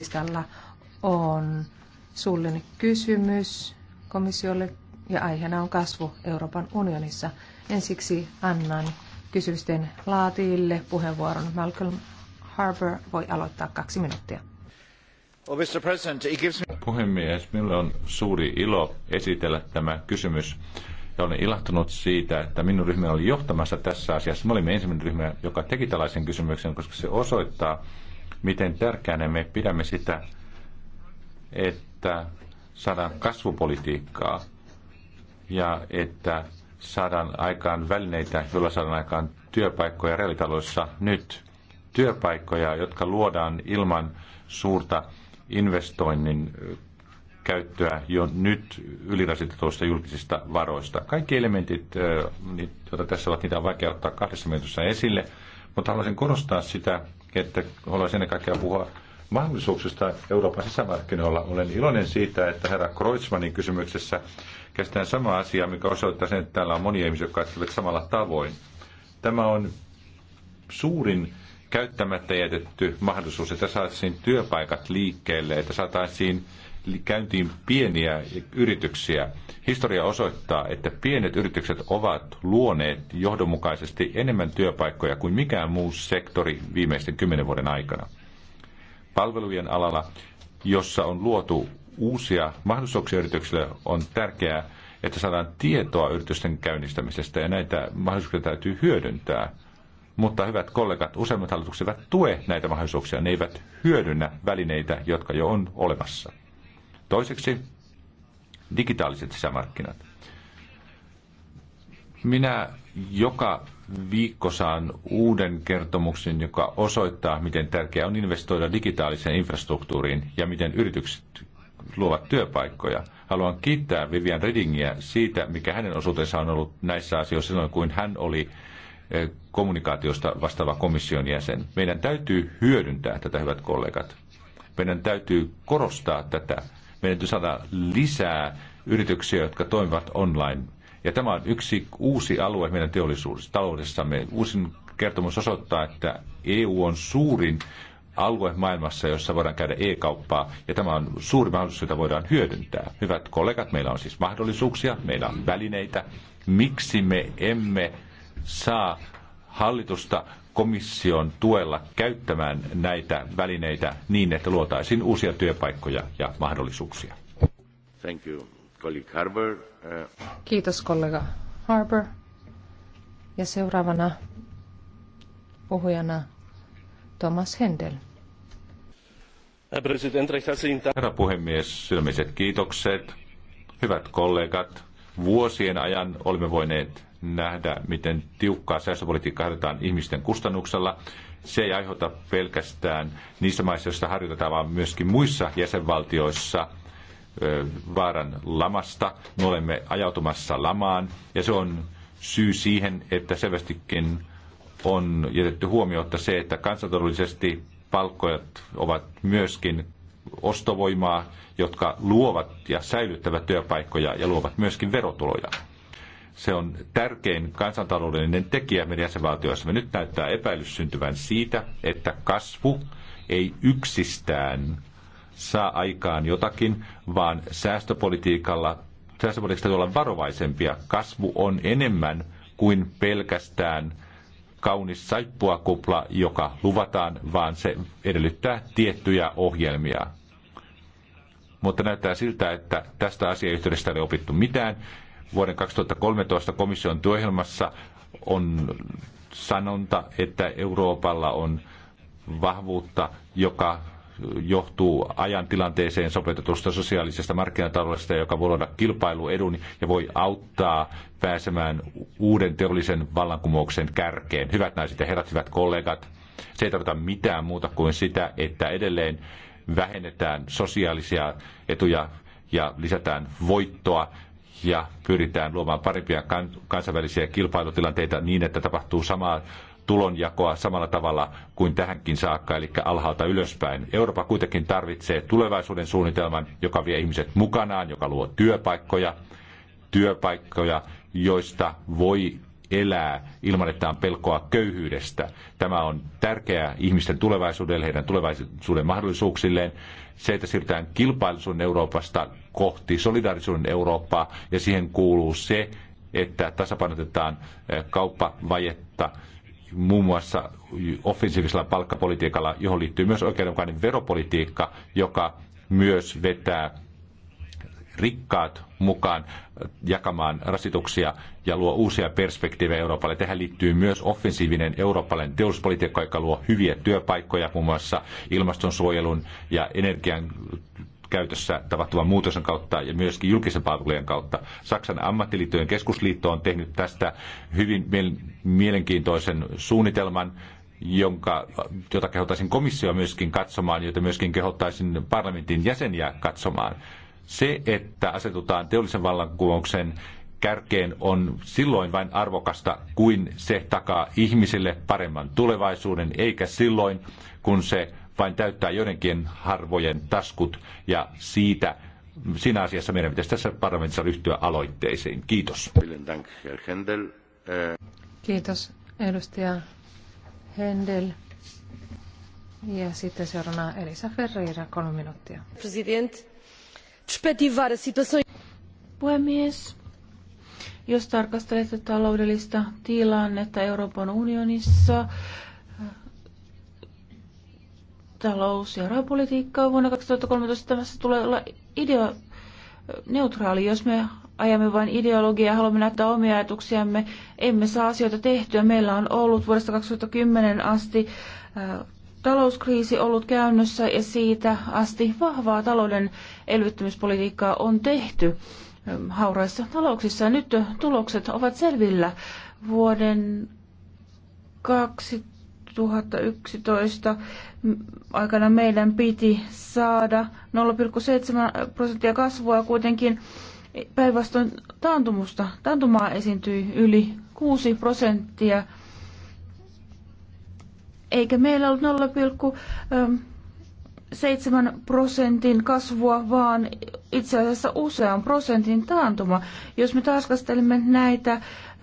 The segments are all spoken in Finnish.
listalla on suullinen kysymys komissiolle ja aiheena on kasvu Euroopan unionissa. Ensiksi annan kysymysten laatiille puheenvuoron. Malcolm Harbour voi aloittaa kaksi minuuttia. Puhemies, minulle on suuri ilo esitellä tämä kysymys. Ja olen ilahtunut siitä, että minun ryhmäni oli johtamassa tässä asiassa. Me olimme ensimmäinen ryhmä, joka teki tällaisen kysymyksen, koska se osoittaa, miten tärkeänä me pidämme sitä, että saadaan kasvupolitiikkaa ja että saadaan aikaan välineitä, joilla saadaan aikaan työpaikkoja reaalitaloissa nyt. Työpaikkoja, jotka luodaan ilman suurta investoinnin käyttöä jo nyt ylirasitetuista julkisista varoista. Kaikki elementit, joita tässä ovat, niitä on vaikea ottaa kahdessa minuutissa esille, mutta haluaisin korostaa sitä, että haluaisin ennen kaikkea puhua mahdollisuuksista Euroopan sisämarkkinoilla. Olen iloinen siitä, että herra Kreutzmannin kysymyksessä käsitään sama asia, mikä osoittaa sen, että täällä on monia ihmisiä, jotka ajattelevat samalla tavoin. Tämä on suurin käyttämättä jätetty mahdollisuus, että saataisiin työpaikat liikkeelle, että saataisiin käyntiin pieniä yrityksiä. Historia osoittaa, että pienet yritykset ovat luoneet johdonmukaisesti enemmän työpaikkoja kuin mikään muu sektori viimeisten kymmenen vuoden aikana. Palvelujen alalla, jossa on luotu uusia mahdollisuuksia yrityksille, on tärkeää, että saadaan tietoa yritysten käynnistämisestä ja näitä mahdollisuuksia täytyy hyödyntää. Mutta hyvät kollegat, useimmat hallitukset eivät tue näitä mahdollisuuksia, ne eivät hyödynnä välineitä, jotka jo on olemassa. Toiseksi digitaaliset sisämarkkinat. Minä joka viikko saan uuden kertomuksen, joka osoittaa, miten tärkeää on investoida digitaaliseen infrastruktuuriin ja miten yritykset luovat työpaikkoja. Haluan kiittää Vivian Redingiä siitä, mikä hänen osuutensa on ollut näissä asioissa silloin, kun hän oli eh, kommunikaatiosta vastaava komission jäsen. Meidän täytyy hyödyntää tätä, hyvät kollegat. Meidän täytyy korostaa tätä meidän täytyy saada lisää yrityksiä, jotka toimivat online. Ja tämä on yksi uusi alue meidän teollisuudessa, taloudessamme. Uusin kertomus osoittaa, että EU on suurin alue maailmassa, jossa voidaan käydä e-kauppaa, ja tämä on suuri mahdollisuus, jota voidaan hyödyntää. Hyvät kollegat, meillä on siis mahdollisuuksia, meillä on välineitä. Miksi me emme saa hallitusta komission tuella käyttämään näitä välineitä niin, että luotaisiin uusia työpaikkoja ja mahdollisuuksia. Thank you, colleague Harbour. Uh, Kiitos kollega Harbour. Ja seuraavana puhujana Thomas Hendel. Herra puhemies, sydämiset kiitokset. Hyvät kollegat, vuosien ajan olemme voineet nähdä, miten tiukkaa säästöpolitiikkaa harjoitetaan ihmisten kustannuksella. Se ei aiheuta pelkästään niissä maissa, joissa harjoitetaan, vaan myöskin muissa jäsenvaltioissa vaaran lamasta. Me olemme ajautumassa lamaan ja se on syy siihen, että selvästikin on jätetty huomiota se, että kansantaloudellisesti palkkojat ovat myöskin ostovoimaa, jotka luovat ja säilyttävät työpaikkoja ja luovat myöskin verotuloja. Se on tärkein kansantaloudellinen tekijä meidän jäsenvaltioissamme. Nyt näyttää epäilys syntyvän siitä, että kasvu ei yksistään saa aikaan jotakin, vaan säästöpolitiikalla, säästöpolitiikasta olla varovaisempia. Kasvu on enemmän kuin pelkästään kaunis saippuakupla, joka luvataan, vaan se edellyttää tiettyjä ohjelmia. Mutta näyttää siltä, että tästä asiayhteydestä ei ole opittu mitään, Vuoden 2013 komission työohjelmassa on sanonta, että Euroopalla on vahvuutta, joka johtuu ajan tilanteeseen sopeutetusta sosiaalisesta markkinataloudesta, joka voi luoda kilpailuedun ja voi auttaa pääsemään uuden teollisen vallankumouksen kärkeen. Hyvät naiset ja herrat, hyvät kollegat, se ei tarkoita mitään muuta kuin sitä, että edelleen vähennetään sosiaalisia etuja ja lisätään voittoa ja pyritään luomaan parempia kansainvälisiä kilpailutilanteita niin, että tapahtuu samaa tulonjakoa samalla tavalla kuin tähänkin saakka, eli alhaalta ylöspäin. Eurooppa kuitenkin tarvitsee tulevaisuuden suunnitelman, joka vie ihmiset mukanaan, joka luo työpaikkoja, työpaikkoja, joista voi elää ilman, että on pelkoa köyhyydestä. Tämä on tärkeää ihmisten tulevaisuudelle, heidän tulevaisuuden mahdollisuuksilleen se, että siirrytään kilpailisuuden Euroopasta kohti solidaarisuuden Eurooppaa, ja siihen kuuluu se, että tasapainotetaan eh, kauppavajetta muun muassa offensiivisella palkkapolitiikalla, johon liittyy myös oikeudenmukainen veropolitiikka, joka myös vetää rikkaat mukaan jakamaan rasituksia ja luo uusia perspektiivejä Euroopalle. Tähän liittyy myös offensiivinen eurooppalainen teollisuuspolitiikka, joka luo hyviä työpaikkoja muun muassa ilmastonsuojelun ja energian käytössä tapahtuvan muutoksen kautta ja myöskin julkisen palvelujen kautta. Saksan ammattiliittojen keskusliitto on tehnyt tästä hyvin mielenkiintoisen suunnitelman, jonka, jota kehottaisin komissio myöskin katsomaan, jota myöskin kehottaisin parlamentin jäseniä katsomaan. Se, että asetutaan teollisen vallankumouksen kärkeen on silloin vain arvokasta, kuin se takaa ihmisille paremman tulevaisuuden, eikä silloin, kun se vain täyttää joidenkin harvojen taskut. Ja siitä siinä asiassa meidän pitäisi tässä parlamentissa ryhtyä aloitteisiin. Kiitos. Kiitos, edustaja Händel. Ja sitten seuraavana Elisa Ferreira, kolme minuuttia. President perspektiivaida situação. Puhemies, jos tarkastelette taloudellista tilannetta Euroopan unionissa, talous- ja rahapolitiikkaa vuonna 2013 tämässä tulee olla idea neutraali, jos me ajamme vain ideologiaa ja haluamme näyttää omia ajatuksiamme, emme saa asioita tehtyä. Meillä on ollut vuodesta 2010 asti äh, talouskriisi ollut käynnissä ja siitä asti vahvaa talouden elvyttämispolitiikkaa on tehty hauraissa talouksissa. Nyt tulokset ovat selvillä. Vuoden 2011 aikana meidän piti saada 0,7 prosenttia kasvua, kuitenkin päinvastoin taantumusta. Taantumaa esiintyi yli 6 prosenttia eikä meillä ollut 0,7 ähm, prosentin kasvua, vaan itse asiassa usean prosentin taantuma. Jos me tarkastelemme näitä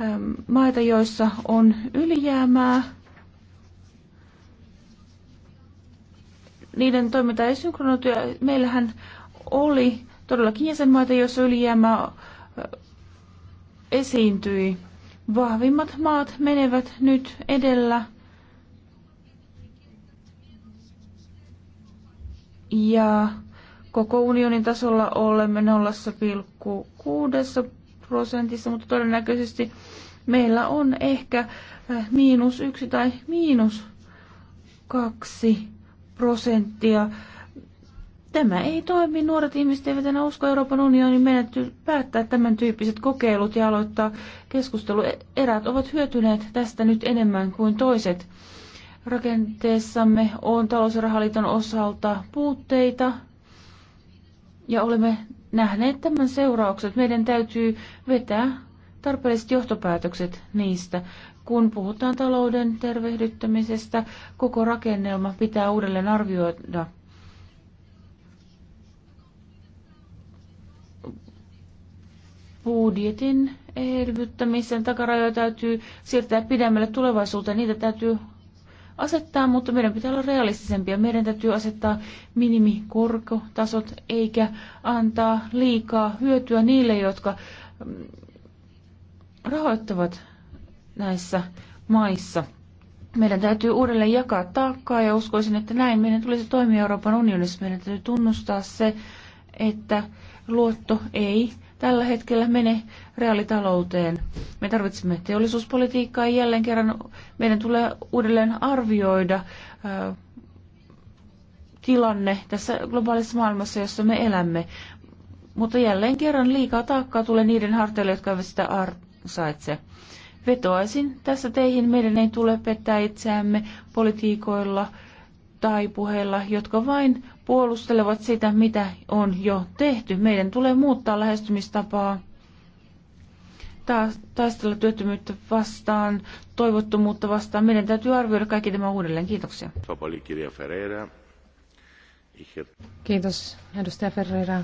ähm, maita, joissa on ylijäämää, niiden toiminta ei synkronoitu. Meillähän oli todellakin jäsenmaita, joissa ylijäämää äh, esiintyi. Vahvimmat maat menevät nyt edellä ja koko unionin tasolla olemme 0,6 prosentissa, mutta todennäköisesti meillä on ehkä äh, miinus yksi tai miinus kaksi prosenttia. Tämä ei toimi. Nuoret ihmiset eivät enää usko Euroopan unionin menetty päättää tämän tyyppiset kokeilut ja aloittaa keskustelu. E- erät ovat hyötyneet tästä nyt enemmän kuin toiset rakenteessamme on talous- ja osalta puutteita ja olemme nähneet tämän seuraukset. Meidän täytyy vetää tarpeelliset johtopäätökset niistä. Kun puhutaan talouden tervehdyttämisestä, koko rakennelma pitää uudelleen arvioida. Budjetin elvyttämisen takarajoja täytyy siirtää pidemmälle tulevaisuuteen. Niitä täytyy asettaa, mutta meidän pitää olla realistisempia. Meidän täytyy asettaa minimikorkotasot eikä antaa liikaa hyötyä niille, jotka mm, rahoittavat näissä maissa. Meidän täytyy uudelleen jakaa taakkaa ja uskoisin, että näin meidän tulisi toimia Euroopan unionissa. Meidän täytyy tunnustaa se, että luotto ei tällä hetkellä mene reaalitalouteen. Me tarvitsemme teollisuuspolitiikkaa ja jälleen kerran meidän tulee uudelleen arvioida tilanne tässä globaalissa maailmassa, jossa me elämme. Mutta jälleen kerran liikaa taakkaa tulee niiden harteille, jotka eivät sitä ansaitse. Vetoaisin tässä teihin, meidän ei tule pettää itseämme politiikoilla – tai puheilla, jotka vain puolustelevat sitä, mitä on jo tehty. Meidän tulee muuttaa lähestymistapaa, taistella työttömyyttä vastaan, toivottomuutta vastaan. Meidän täytyy arvioida kaikki tämä uudelleen. Kiitoksia. Kiitos, edustaja Ferreira.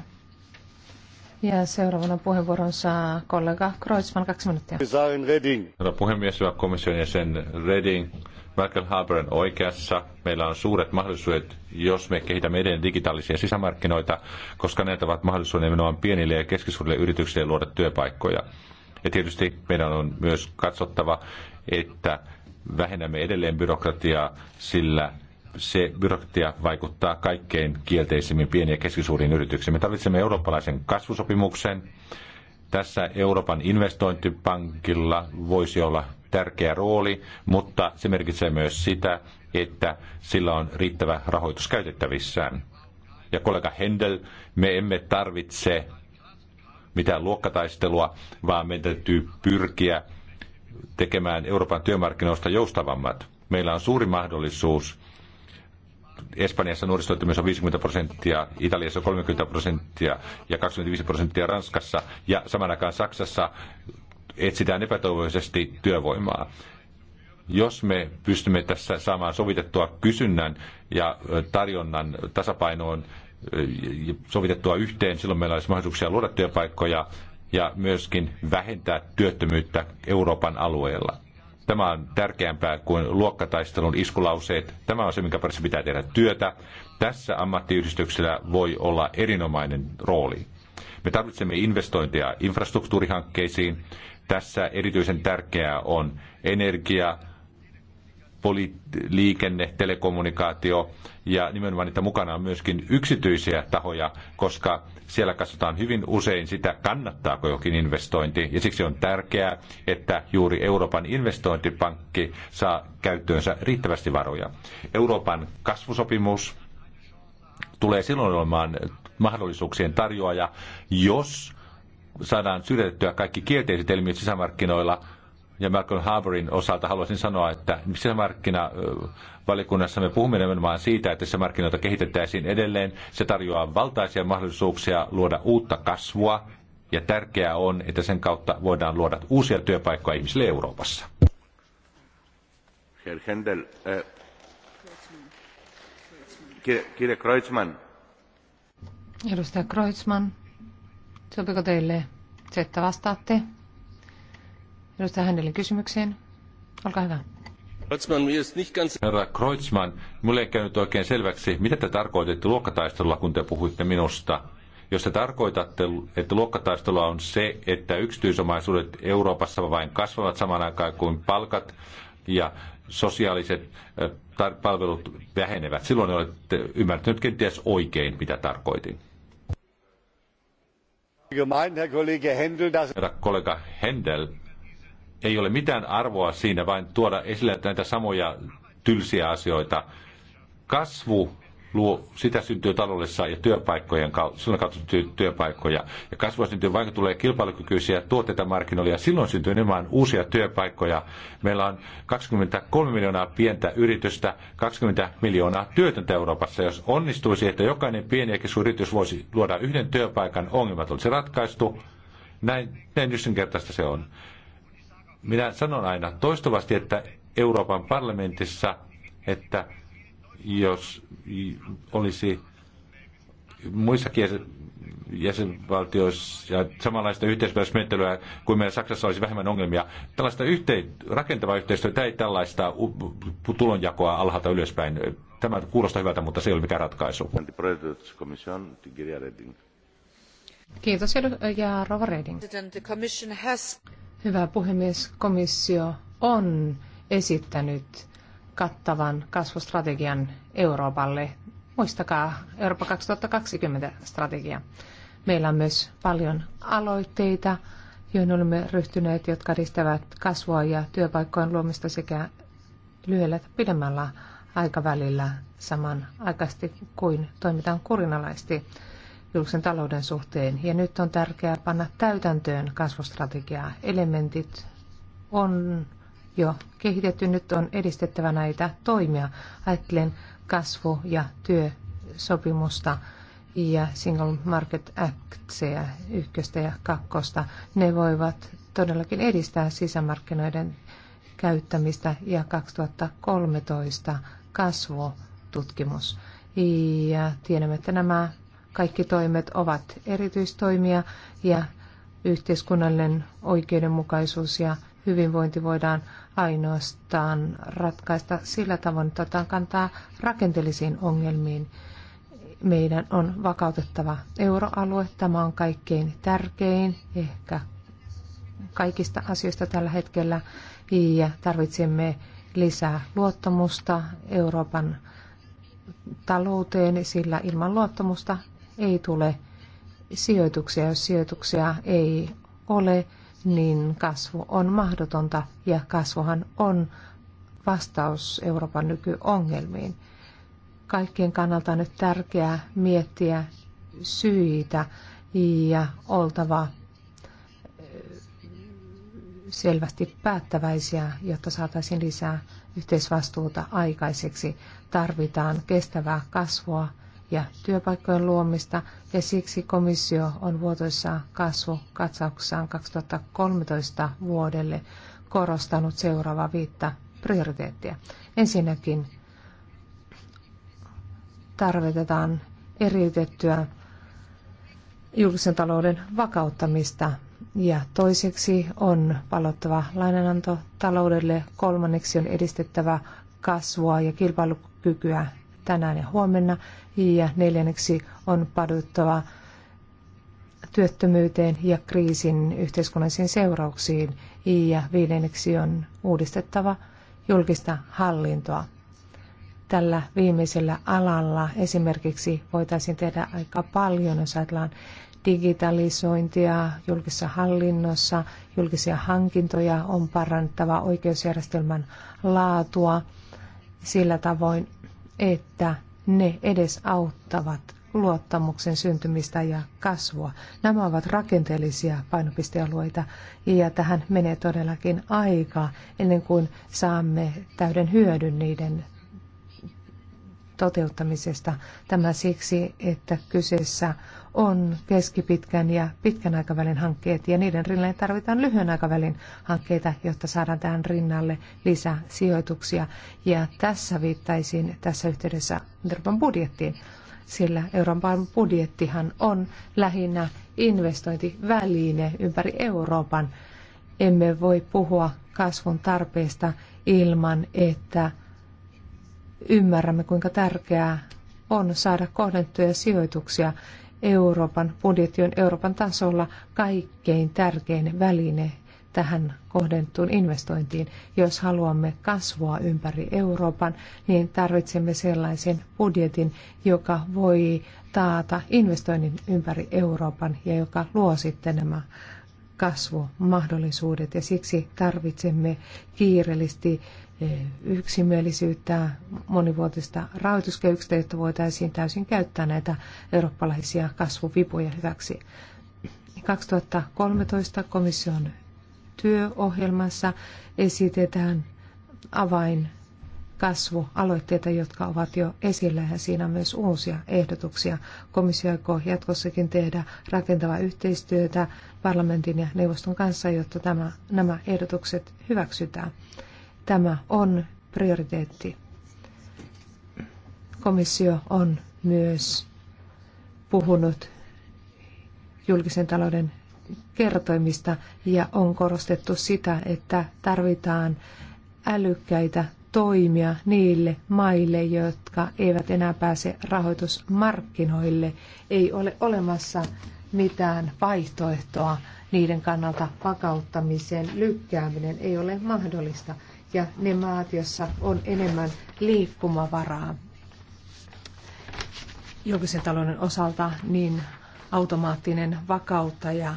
Ja seuraavana puheenvuoron saa kollega Kreutzmann, kaksi minuuttia. Herra puhemies, hyvä komission jäsen Reding. Michael Harbour on oikeassa. Meillä on suuret mahdollisuudet, jos me kehitämme edelleen digitaalisia sisämarkkinoita, koska ne ovat mahdollisuuden nimenomaan pienille ja keskisuurille yrityksille luoda työpaikkoja. Ja tietysti meidän on myös katsottava, että vähennämme edelleen byrokratiaa, sillä se byrokratia vaikuttaa kaikkein kielteisimmin pieniin ja keskisuuriin yrityksiin. Me tarvitsemme eurooppalaisen kasvusopimuksen. Tässä Euroopan investointipankilla voisi olla tärkeä rooli, mutta se merkitsee myös sitä, että sillä on riittävä rahoitus käytettävissään. Ja kollega Händel, me emme tarvitse mitään luokkataistelua, vaan meidän täytyy pyrkiä tekemään Euroopan työmarkkinoista joustavammat. Meillä on suuri mahdollisuus Espanjassa nuorisotyöttömyys on 50 prosenttia, Italiassa 30 prosenttia ja 25 prosenttia Ranskassa. Ja saman aikaan Saksassa etsitään epätoivoisesti työvoimaa. Jos me pystymme tässä saamaan sovitettua kysynnän ja tarjonnan tasapainoon sovitettua yhteen, silloin meillä olisi mahdollisuuksia luoda työpaikkoja ja myöskin vähentää työttömyyttä Euroopan alueella. Tämä on tärkeämpää kuin luokkataistelun iskulauseet. Tämä on se, minkä parissa pitää tehdä työtä. Tässä ammattiyhdistyksellä voi olla erinomainen rooli. Me tarvitsemme investointeja infrastruktuurihankkeisiin. Tässä erityisen tärkeää on energia, poli- liikenne, telekommunikaatio ja nimenomaan niitä mukana on myöskin yksityisiä tahoja, koska siellä katsotaan hyvin usein sitä, kannattaako jokin investointi, ja siksi on tärkeää, että juuri Euroopan investointipankki saa käyttöönsä riittävästi varoja. Euroopan kasvusopimus tulee silloin olemaan mahdollisuuksien tarjoaja, jos saadaan syrjäytettyä kaikki kielteiset ilmiöt sisämarkkinoilla – ja Malcolm Harbourin osalta haluaisin sanoa, että valikunnassa me puhumme nimenomaan siitä, että sisämarkkinoita kehitettäisiin edelleen. Se tarjoaa valtaisia mahdollisuuksia luoda uutta kasvua ja tärkeää on, että sen kautta voidaan luoda uusia työpaikkoja ihmisille Euroopassa. Herr Händel, äh, Kreutzmann. Edustaja Kreutzmann, sopiko teille se, että vastaatte Edustaja kysymykseen. Olkaa hyvä. Herra Kreutzmann, minulle ei käynyt oikein selväksi, mitä te tarkoititte luokkataistelulla, kun te puhuitte minusta. Jos te tarkoitatte, että luokkataistelu on se, että yksityisomaisuudet Euroopassa vain kasvavat samaan aikaan kuin palkat ja sosiaaliset palvelut vähenevät, silloin olette ymmärtänyt kenties oikein, mitä tarkoitin. Herra kollega Händel, ei ole mitään arvoa siinä vain tuoda esille näitä samoja tylsiä asioita. Kasvu luo, sitä syntyy taloudessa ja työpaikkojen kautta, silloin kautta syntyy työpaikkoja. Ja kasvua syntyy, vaikka tulee kilpailukykyisiä tuotteita markkinoille, ja silloin syntyy enemmän uusia työpaikkoja. Meillä on 23 miljoonaa pientä yritystä, 20 miljoonaa työtöntä Euroopassa. Jos onnistuisi, että jokainen pieni ja yritys voisi luoda yhden työpaikan, ongelmat olisi ratkaistu. Näin, näin yksinkertaista se on. Minä sanon aina toistuvasti, että Euroopan parlamentissa, että jos olisi muissakin jäsenvaltioissa ja samanlaista yhteispäätösmenettelyä kuin meillä Saksassa olisi vähemmän ongelmia. Tällaista yhteen, rakentavaa yhteistyötä ei tällaista tulonjakoa alhaalta ylöspäin. Tämä kuulostaa hyvältä, mutta se ei ole mikään ratkaisu. Kiitos ja Rova Reding. Hyvä puhemies, komissio on esittänyt kattavan kasvustrategian Euroopalle. Muistakaa Eurooppa 2020 strategia. Meillä on myös paljon aloitteita, joihin olemme ryhtyneet, jotka edistävät kasvua ja työpaikkojen luomista sekä lyhyellä että pidemmällä aikavälillä samanaikaisesti kuin toimitaan kurinalaisesti julkisen talouden suhteen. Ja nyt on tärkeää panna täytäntöön kasvustrategiaa. Elementit on jo kehitetty, nyt on edistettävä näitä toimia. Ajattelen kasvu- ja työsopimusta ja Single Market Actia, ykköstä ja kakkosta. Ne voivat todellakin edistää sisämarkkinoiden käyttämistä ja 2013 kasvututkimus. Ja tiedämme, että nämä kaikki toimet ovat erityistoimia ja yhteiskunnallinen oikeudenmukaisuus ja hyvinvointi voidaan ainoastaan ratkaista sillä tavoin, että otetaan kantaa rakenteellisiin ongelmiin. Meidän on vakautettava euroalue. Tämä on kaikkein tärkein, ehkä kaikista asioista tällä hetkellä. Ja tarvitsemme lisää luottamusta Euroopan talouteen, sillä ilman luottamusta ei tule sijoituksia. Jos sijoituksia ei ole, niin kasvu on mahdotonta ja kasvuhan on vastaus Euroopan nykyongelmiin. Kaikkien kannalta on nyt tärkeää miettiä syitä ja oltava selvästi päättäväisiä, jotta saataisiin lisää yhteisvastuuta aikaiseksi. Tarvitaan kestävää kasvua ja työpaikkojen luomista, ja siksi komissio on vuotoissa kasvukatsauksessaan 2013 vuodelle korostanut seuraavaa viittä prioriteettia. Ensinnäkin tarvitetaan eriytettyä julkisen talouden vakauttamista ja toiseksi on palottava lainananto taloudelle, kolmanneksi on edistettävä kasvua ja kilpailukykyä tänään ja huomenna. Ja neljänneksi on paduttava työttömyyteen ja kriisin yhteiskunnallisiin seurauksiin. Ja viidenneksi on uudistettava julkista hallintoa. Tällä viimeisellä alalla esimerkiksi voitaisiin tehdä aika paljon, jos ajatellaan digitalisointia julkisessa hallinnossa, julkisia hankintoja on parantava oikeusjärjestelmän laatua sillä tavoin, että ne edes auttavat luottamuksen syntymistä ja kasvua. Nämä ovat rakenteellisia painopistealueita ja tähän menee todellakin aikaa ennen kuin saamme täyden hyödyn niiden toteuttamisesta. Tämä siksi, että kyseessä on keskipitkän ja pitkän aikavälin hankkeet ja niiden rinnalle tarvitaan lyhyen aikavälin hankkeita, jotta saadaan tähän rinnalle lisää sijoituksia. Ja tässä viittaisin tässä yhteydessä Euroopan budjettiin, sillä Euroopan budjettihan on lähinnä investointiväline ympäri Euroopan. Emme voi puhua kasvun tarpeesta ilman, että ymmärrämme, kuinka tärkeää on saada kohdennettuja sijoituksia Euroopan budjetti on Euroopan tasolla kaikkein tärkein väline tähän kohdentuun investointiin. Jos haluamme kasvua ympäri Euroopan, niin tarvitsemme sellaisen budjetin, joka voi taata investoinnin ympäri Euroopan ja joka luo sitten nämä kasvumahdollisuudet. Ja siksi tarvitsemme kiireellisesti yksimielisyyttä monivuotista rahoituskehyksestä, jotta voitaisiin täysin käyttää näitä eurooppalaisia kasvuvipuja hyväksi. 2013 komission työohjelmassa esitetään avain kasvualoitteita, jotka ovat jo esillä ja siinä on myös uusia ehdotuksia. Komissio aikoo jatkossakin tehdä rakentavaa yhteistyötä parlamentin ja neuvoston kanssa, jotta tämä, nämä ehdotukset hyväksytään. Tämä on prioriteetti. Komissio on myös puhunut julkisen talouden kertoimista ja on korostettu sitä, että tarvitaan älykkäitä toimia niille maille, jotka eivät enää pääse rahoitusmarkkinoille. Ei ole olemassa mitään vaihtoehtoa niiden kannalta vakauttamiseen. lykkääminen ei ole mahdollista ja ne maat, joissa on enemmän liikkumavaraa julkisen talouden osalta, niin automaattinen vakauttaja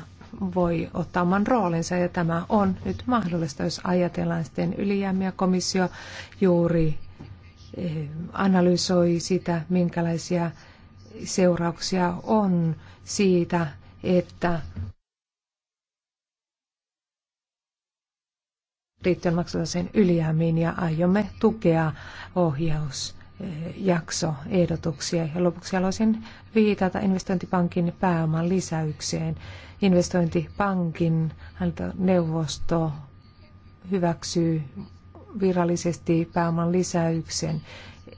voi ottaa oman roolinsa ja tämä on nyt mahdollista, jos ajatellaan sitten ylijäämiä. Komissio juuri eh, analysoi sitä, minkälaisia seurauksia on siitä, että liittyen maksutaseen ylijäämiin ja aiomme tukea ohjausjaksoehdotuksia. Ja lopuksi haluaisin viitata investointipankin pääoman lisäykseen. Investointipankin neuvosto hyväksyy virallisesti pääoman lisäyksen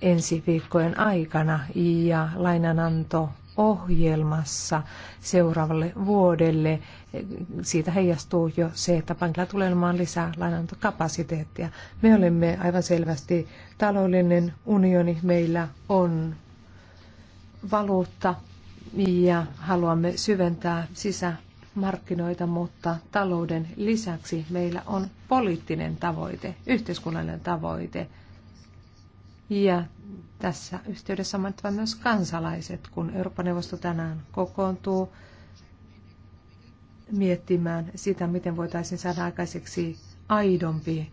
ensi viikkojen aikana ja lainananto ohjelmassa seuraavalle vuodelle. Siitä heijastuu jo se, että pankilla tulee olemaan lisää lainantokapasiteettia. Me olemme aivan selvästi taloudellinen unioni, meillä on valuutta ja haluamme syventää sisämarkkinoita, mutta talouden lisäksi meillä on poliittinen tavoite, yhteiskunnallinen tavoite. Ja tässä yhteydessä mainittava myös kansalaiset, kun Euroopan neuvosto tänään kokoontuu miettimään sitä, miten voitaisiin saada aikaiseksi aidompi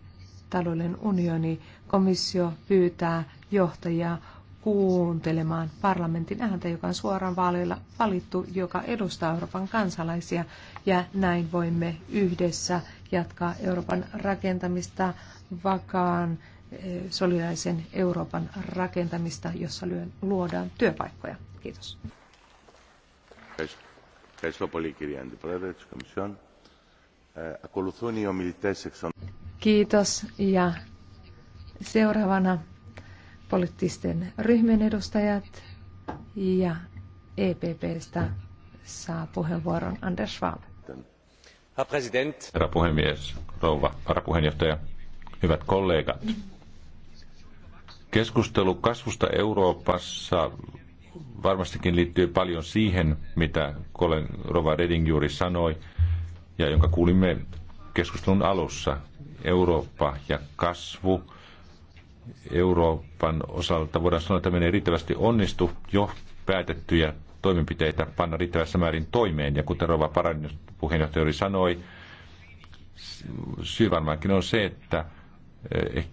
taloudellinen unioni. Komissio pyytää johtajia kuuntelemaan parlamentin ääntä, joka on suoraan vaaleilla valittu, joka edustaa Euroopan kansalaisia. Ja näin voimme yhdessä jatkaa Euroopan rakentamista vakaan Eh, solidaarisen Euroopan rakentamista, jossa luodaan työpaikkoja. Kiitos. Kiitos ja seuraavana poliittisten ryhmien edustajat ja EPPstä saa puheenvuoron Anders Schwab. Herra puhemies, rouva varapuheenjohtaja, hyvät kollegat. Keskustelu kasvusta Euroopassa varmastikin liittyy paljon siihen, mitä Colin Rova Redding juuri sanoi ja jonka kuulimme keskustelun alussa. Eurooppa ja kasvu Euroopan osalta voidaan sanoa, että menee riittävästi onnistu jo päätettyjä toimenpiteitä panna riittävässä määrin toimeen. Ja kuten Rova Paradin puheenjohtaja sanoi, syy varmaankin on se, että eh,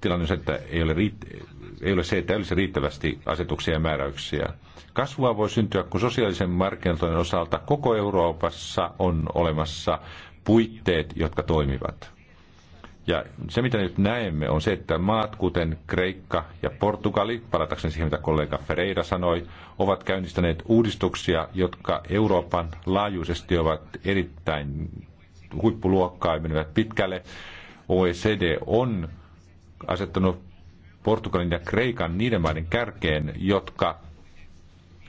tilanne on se, että ei ole, riitt- ei ole se, että ei olisi riittävästi asetuksia ja määräyksiä. Kasvua voi syntyä, kun sosiaalisen markkinoiden osalta koko Euroopassa on olemassa puitteet, jotka toimivat. Ja se, mitä nyt näemme, on se, että maat kuten Kreikka ja Portugali, palatakseni siihen, mitä kollega Ferreira sanoi, ovat käynnistäneet uudistuksia, jotka Euroopan laajuisesti ovat erittäin huippuluokkaa ja menevät pitkälle. OECD on asettanut Portugalin ja Kreikan niiden maiden kärkeen, jotka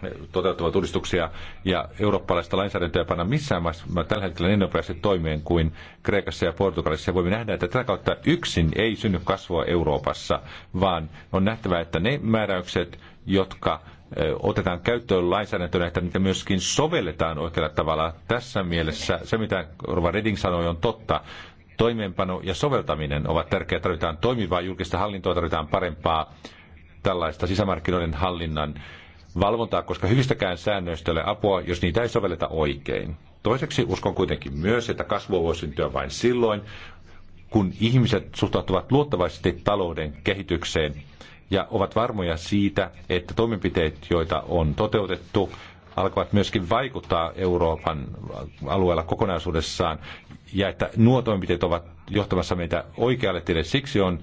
eh, toteuttavat uudistuksia ja eurooppalaista lainsäädäntöä panna missään maassa tällä hetkellä niin nopeasti toimeen kuin Kreikassa ja Portugalissa. Ja voimme nähdä, että tätä kautta yksin ei synny kasvua Euroopassa, vaan on nähtävä, että ne määräykset, jotka eh, otetaan käyttöön lainsäädäntönä, että niitä myöskin sovelletaan oikealla tavalla. Tässä mielessä se, mitä Rova Redding sanoi, on totta toimeenpano ja soveltaminen ovat tärkeitä Tarvitaan toimivaa julkista hallintoa, tarvitaan parempaa tällaista sisämarkkinoiden hallinnan valvontaa, koska hyvistäkään säännöistä ei ole apua, jos niitä ei sovelleta oikein. Toiseksi uskon kuitenkin myös, että kasvua voi syntyä vain silloin, kun ihmiset suhtautuvat luottavaisesti talouden kehitykseen ja ovat varmoja siitä, että toimenpiteet, joita on toteutettu, alkavat myöskin vaikuttaa Euroopan alueella kokonaisuudessaan ja että nuo toimenpiteet ovat johtamassa meitä oikealle tielle. Siksi on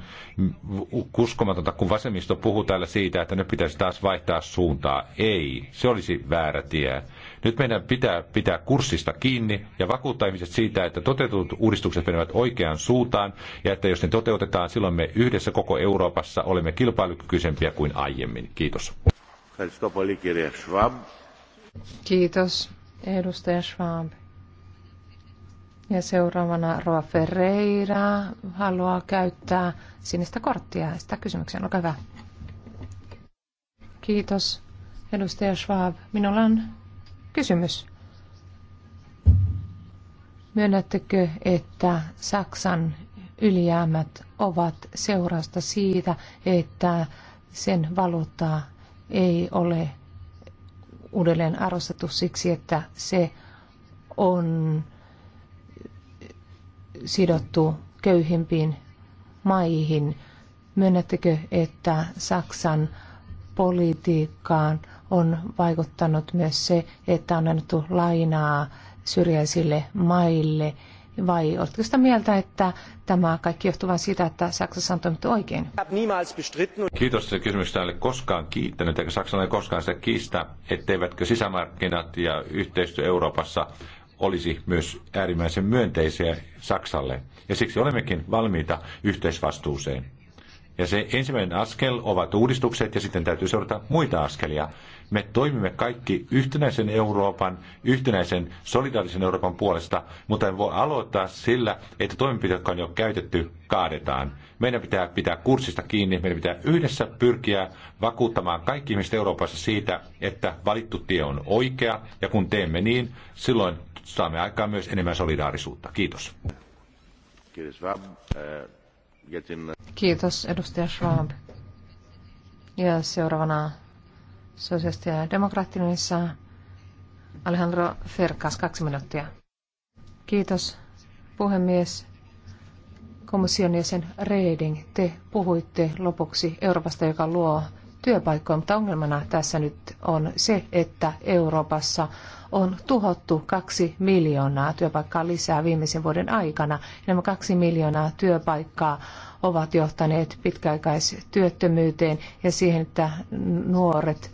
uskomatonta, kun vasemmisto puhuu täällä siitä, että nyt pitäisi taas vaihtaa suuntaa. Ei, se olisi väärä tie. Nyt meidän pitää pitää kurssista kiinni ja vakuuttaa ihmiset siitä, että toteutetut uudistukset menevät oikeaan suuntaan ja että jos ne toteutetaan, silloin me yhdessä koko Euroopassa olemme kilpailukykyisempiä kuin aiemmin. Kiitos. Kiitos paljon, Kiitos, edustaja Schwab. Ja seuraavana Roa Ferreira haluaa käyttää sinistä korttia. Sitä kysymykseen, olkaa hyvä. Kiitos, edustaja Schwab. Minulla on kysymys. Myönnättekö, että Saksan ylijäämät ovat seurausta siitä, että sen valuuttaa ei ole uudelleen arvostettu siksi, että se on sidottu köyhimpiin maihin. Myönnättekö, että Saksan politiikkaan on vaikuttanut myös se, että on annettu lainaa syrjäisille maille – vai oletko sitä mieltä, että tämä kaikki johtuu vain siitä, että Saksassa on toimittu oikein? Kiitos kysymyksestä. En koskaan kiittänyt, eikä Saksa ei koskaan sitä kiistä, etteivätkö sisämarkkinat ja yhteistyö Euroopassa olisi myös äärimmäisen myönteisiä Saksalle. Ja siksi olemmekin valmiita yhteisvastuuseen. Ja se ensimmäinen askel ovat uudistukset ja sitten täytyy seurata muita askelia. Me toimimme kaikki yhtenäisen Euroopan, yhtenäisen solidaarisen Euroopan puolesta, mutta en voi aloittaa sillä, että toimenpiteet, jotka on jo käytetty, kaadetaan. Meidän pitää pitää kurssista kiinni, meidän pitää yhdessä pyrkiä vakuuttamaan kaikki ihmiset Euroopassa siitä, että valittu tie on oikea, ja kun teemme niin, silloin saamme aikaan myös enemmän solidaarisuutta. Kiitos. Kiitos, edustaja Schwab. Ja seuraavana sosiaalista ja demokraattinissa Alejandro Ferkas, kaksi minuuttia. Kiitos, puhemies. Komission jäsen Reding, te puhuitte lopuksi Euroopasta, joka luo työpaikkoja, mutta ongelmana tässä nyt on se, että Euroopassa on tuhottu kaksi miljoonaa työpaikkaa lisää viimeisen vuoden aikana. Nämä kaksi miljoonaa työpaikkaa ovat johtaneet pitkäaikaistyöttömyyteen ja siihen, että nuoret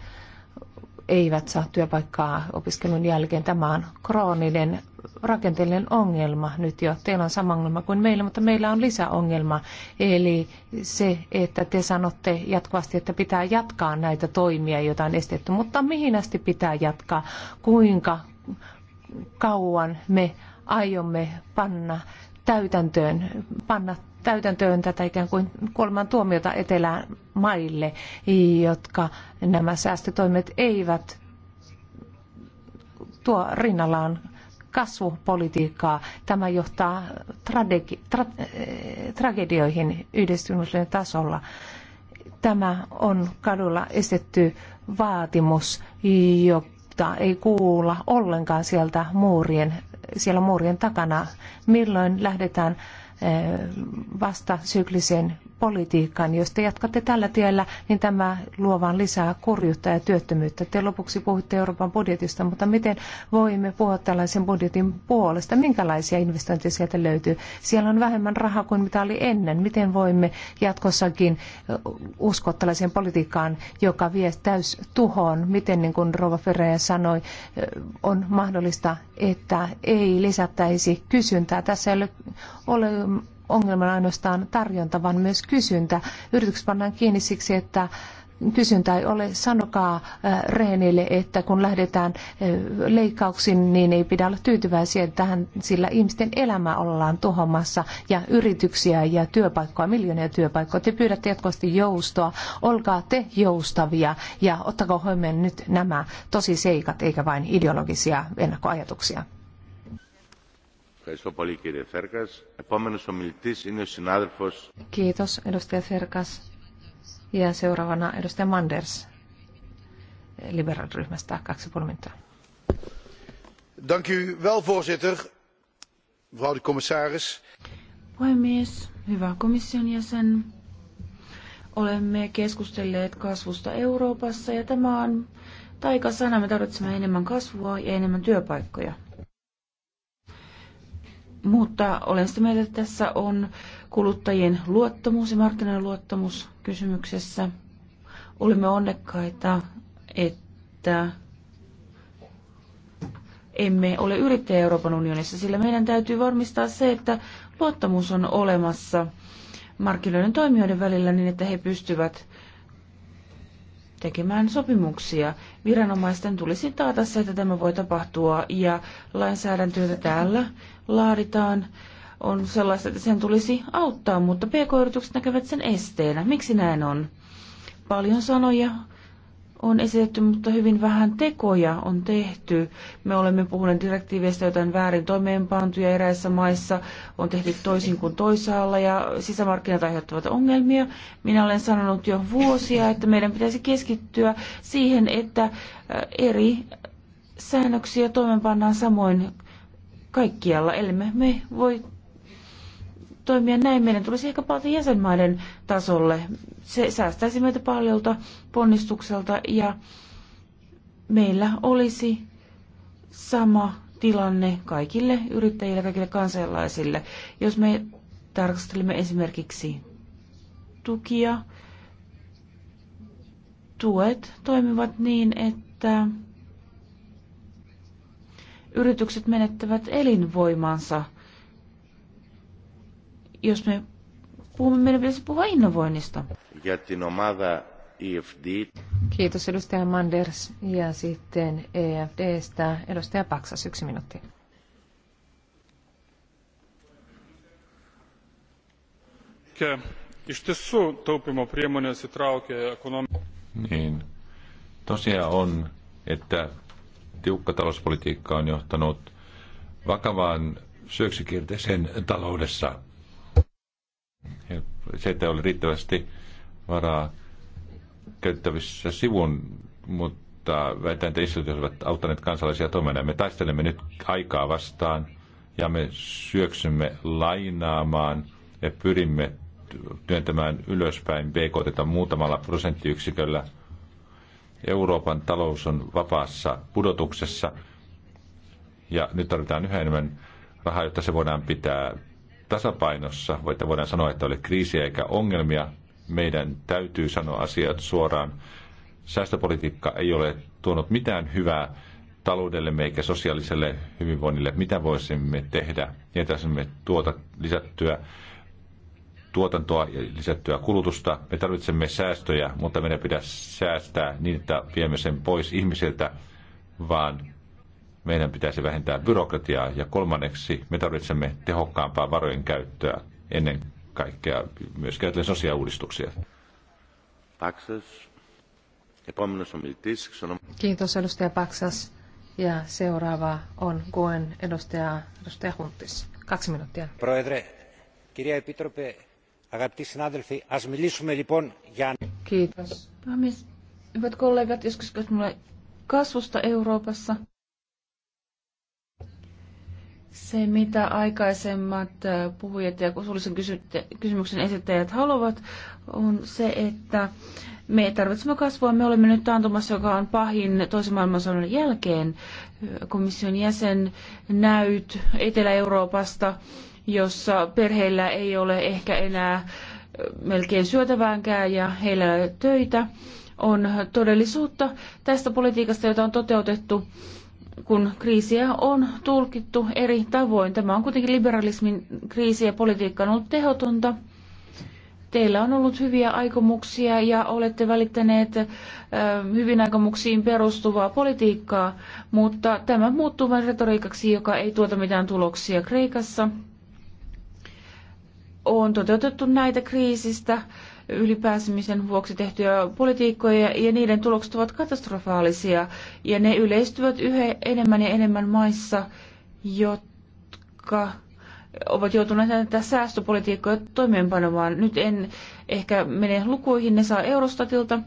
eivät saa työpaikkaa opiskelun jälkeen. Tämä on krooninen rakenteellinen ongelma nyt jo. Teillä on sama ongelma kuin meillä, mutta meillä on lisäongelma. Eli se, että te sanotte jatkuvasti, että pitää jatkaa näitä toimia, joita on estetty. Mutta mihin asti pitää jatkaa? Kuinka kauan me aiomme panna täytäntöön, panna täytäntöön tätä ikään kuin kuoleman tuomiota etelään maille, jotka nämä säästötoimet eivät tuo rinnallaan kasvupolitiikkaa. Tämä johtaa tra- eh, tragedioihin yhdistymisen tasolla. Tämä on kadulla esitetty vaatimus, jota ei kuulla ollenkaan sieltä muurien, siellä muurien takana. Milloin lähdetään eh, vastasykliseen politiikkaan. Jos te jatkatte tällä tiellä, niin tämä luo vain lisää kurjuutta ja työttömyyttä. Te lopuksi puhutte Euroopan budjetista, mutta miten voimme puhua tällaisen budjetin puolesta? Minkälaisia investointeja sieltä löytyy? Siellä on vähemmän rahaa kuin mitä oli ennen. Miten voimme jatkossakin uskoa tällaiseen politiikkaan, joka vie täys tuhoon? Miten, niin kuin Rova Ferreja sanoi, on mahdollista, että ei lisättäisi kysyntää. Tässä ei ole, ole ongelmana ainoastaan tarjonta, vaan myös kysyntä. Yritykset pannaan kiinni siksi, että kysyntä ei ole. Sanokaa rehenille, että kun lähdetään leikkauksiin, niin ei pidä olla tyytyväisiä tähän, sillä ihmisten elämä ollaan tuhomassa ja yrityksiä ja työpaikkoja, miljoonia työpaikkoja. Te pyydätte jatkuvasti joustoa. Olkaa te joustavia ja ottakaa huomioon nyt nämä tosiseikat, eikä vain ideologisia ennakkoajatuksia. Kiitos, edustaja Ferkas. Ja seuraavana edustaja Manders liberaaliryhmästä. Kaksi minuuttia. Dank u wel, voorzitter. Mevrouw de commissaris. Puhemies, hyvä komission jäsen. Olemme keskustelleet kasvusta Euroopassa ja tämä on taikasana. Me tarvitsemme enemmän kasvua ja enemmän työpaikkoja. Mutta olen sitä mieltä, että tässä on kuluttajien luottamus ja markkinoiden luottamus kysymyksessä. Olimme onnekkaita, että emme ole yrittäjä Euroopan unionissa, sillä meidän täytyy varmistaa se, että luottamus on olemassa markkinoiden toimijoiden välillä niin, että he pystyvät tekemään sopimuksia. Viranomaisten tulisi taata se, että tämä voi tapahtua ja lainsäädäntöä täällä laaditaan, on sellaista, että sen tulisi auttaa, mutta pk-yritykset näkevät sen esteenä. Miksi näin on? Paljon sanoja, on esitetty, mutta hyvin vähän tekoja on tehty. Me olemme puhuneet direktiiveistä, joita on väärin toimeenpantuja eräissä maissa, on tehty toisin kuin toisaalla ja sisämarkkinat aiheuttavat ongelmia. Minä olen sanonut jo vuosia, että meidän pitäisi keskittyä siihen, että äh, eri säännöksiä toimeenpannaan samoin kaikkialla, ellei me voi toimia näin, meidän tulisi ehkä palata jäsenmaiden tasolle. Se säästäisi meitä paljolta ponnistukselta ja meillä olisi sama tilanne kaikille yrittäjille, kaikille kansalaisille. Jos me tarkastelemme esimerkiksi tukia, tuet toimivat niin, että yritykset menettävät elinvoimansa – jos me puhumme, meidän pitäisi puhua innovoinnista. E Kiitos edustaja Manders ja sitten EFDstä edustaja Paksas, yksi minuutti. Iš tiesų taupimo priemonės įtraukė Niin. Tosiaan on, että tiukka talouspolitiikka on johtanut vakavaan syöksykierteeseen taloudessa. Se, että oli riittävästi varaa käyttävissä sivun, mutta väitän, että jos ovat auttaneet kansalaisia toimia. Me taistelemme nyt aikaa vastaan ja me syöksymme lainaamaan ja pyrimme työntämään ylöspäin BKT muutamalla prosenttiyksiköllä. Euroopan talous on vapaassa pudotuksessa ja nyt tarvitaan yhä enemmän rahaa, jotta se voidaan pitää tasapainossa, että voidaan sanoa, että oli kriisiä eikä ongelmia. Meidän täytyy sanoa asiat suoraan. Säästöpolitiikka ei ole tuonut mitään hyvää taloudellemme eikä sosiaaliselle hyvinvoinnille. Mitä voisimme tehdä? Jätäisimme tuota lisättyä tuotantoa ja lisättyä kulutusta. Me tarvitsemme säästöjä, mutta meidän pitää säästää niin, että viemme sen pois ihmisiltä, vaan meidän pitäisi vähentää byrokratiaa ja kolmanneksi me tarvitsemme tehokkaampaa varojen käyttöä ennen kaikkea myös käytellen sosiaaliuudistuksia. Kiitos edustaja Paksas. Ja seuraava on Goen edustaja, edustaja Huntis. Kaksi minuuttia. Proedre, kirja Epitrope, agapti sinadelfi, as millissumme lipon ja... Kiitos. hyvät kollegat, joskus minulla kasvusta Euroopassa – se, mitä aikaisemmat äh, puhujat ja suullisen kysymyksen esittäjät haluavat, on se, että me tarvitsemme kasvua. Me olemme nyt taantumassa, joka on pahin toisen maailmansodan jälkeen. Äh, komission jäsen näyt Etelä-Euroopasta, jossa perheillä ei ole ehkä enää äh, melkein syötäväänkään ja heillä ei ole töitä, on todellisuutta tästä politiikasta, jota on toteutettu kun kriisiä on tulkittu eri tavoin. Tämä on kuitenkin liberalismin kriisi ja politiikka on ollut tehotonta. Teillä on ollut hyviä aikomuksia ja olette välittäneet hyvin aikomuksiin perustuvaa politiikkaa, mutta tämä muuttuu vain retoriikaksi, joka ei tuota mitään tuloksia Kreikassa. On toteutettu näitä kriisistä ylipääsemisen vuoksi tehtyjä politiikkoja ja niiden tulokset ovat katastrofaalisia ja ne yleistyvät yhä enemmän ja enemmän maissa, jotka ovat joutuneet näitä säästöpolitiikkoja toimeenpanemaan. Nyt en ehkä mene lukuihin, ne saa Eurostatilta.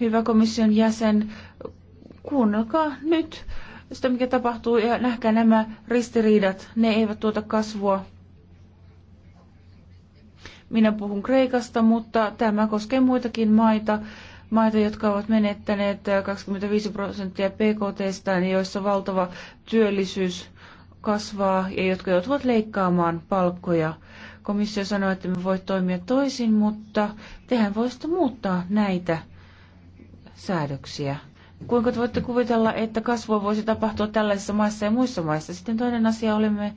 Hyvä komission jäsen, kuunnelkaa nyt sitä, mikä tapahtuu ja nähkää nämä ristiriidat. Ne eivät tuota kasvua minä puhun Kreikasta, mutta tämä koskee muitakin maita, maita, jotka ovat menettäneet 25 prosenttia PKT, niin joissa valtava työllisyys kasvaa ja jotka joutuvat leikkaamaan palkkoja. Komissio sanoi, että me voi toimia toisin, mutta tehän voisitte muuttaa näitä säädöksiä. Kuinka te voitte kuvitella, että kasvua voisi tapahtua tällaisissa maissa ja muissa maissa? Sitten toinen asia, olemme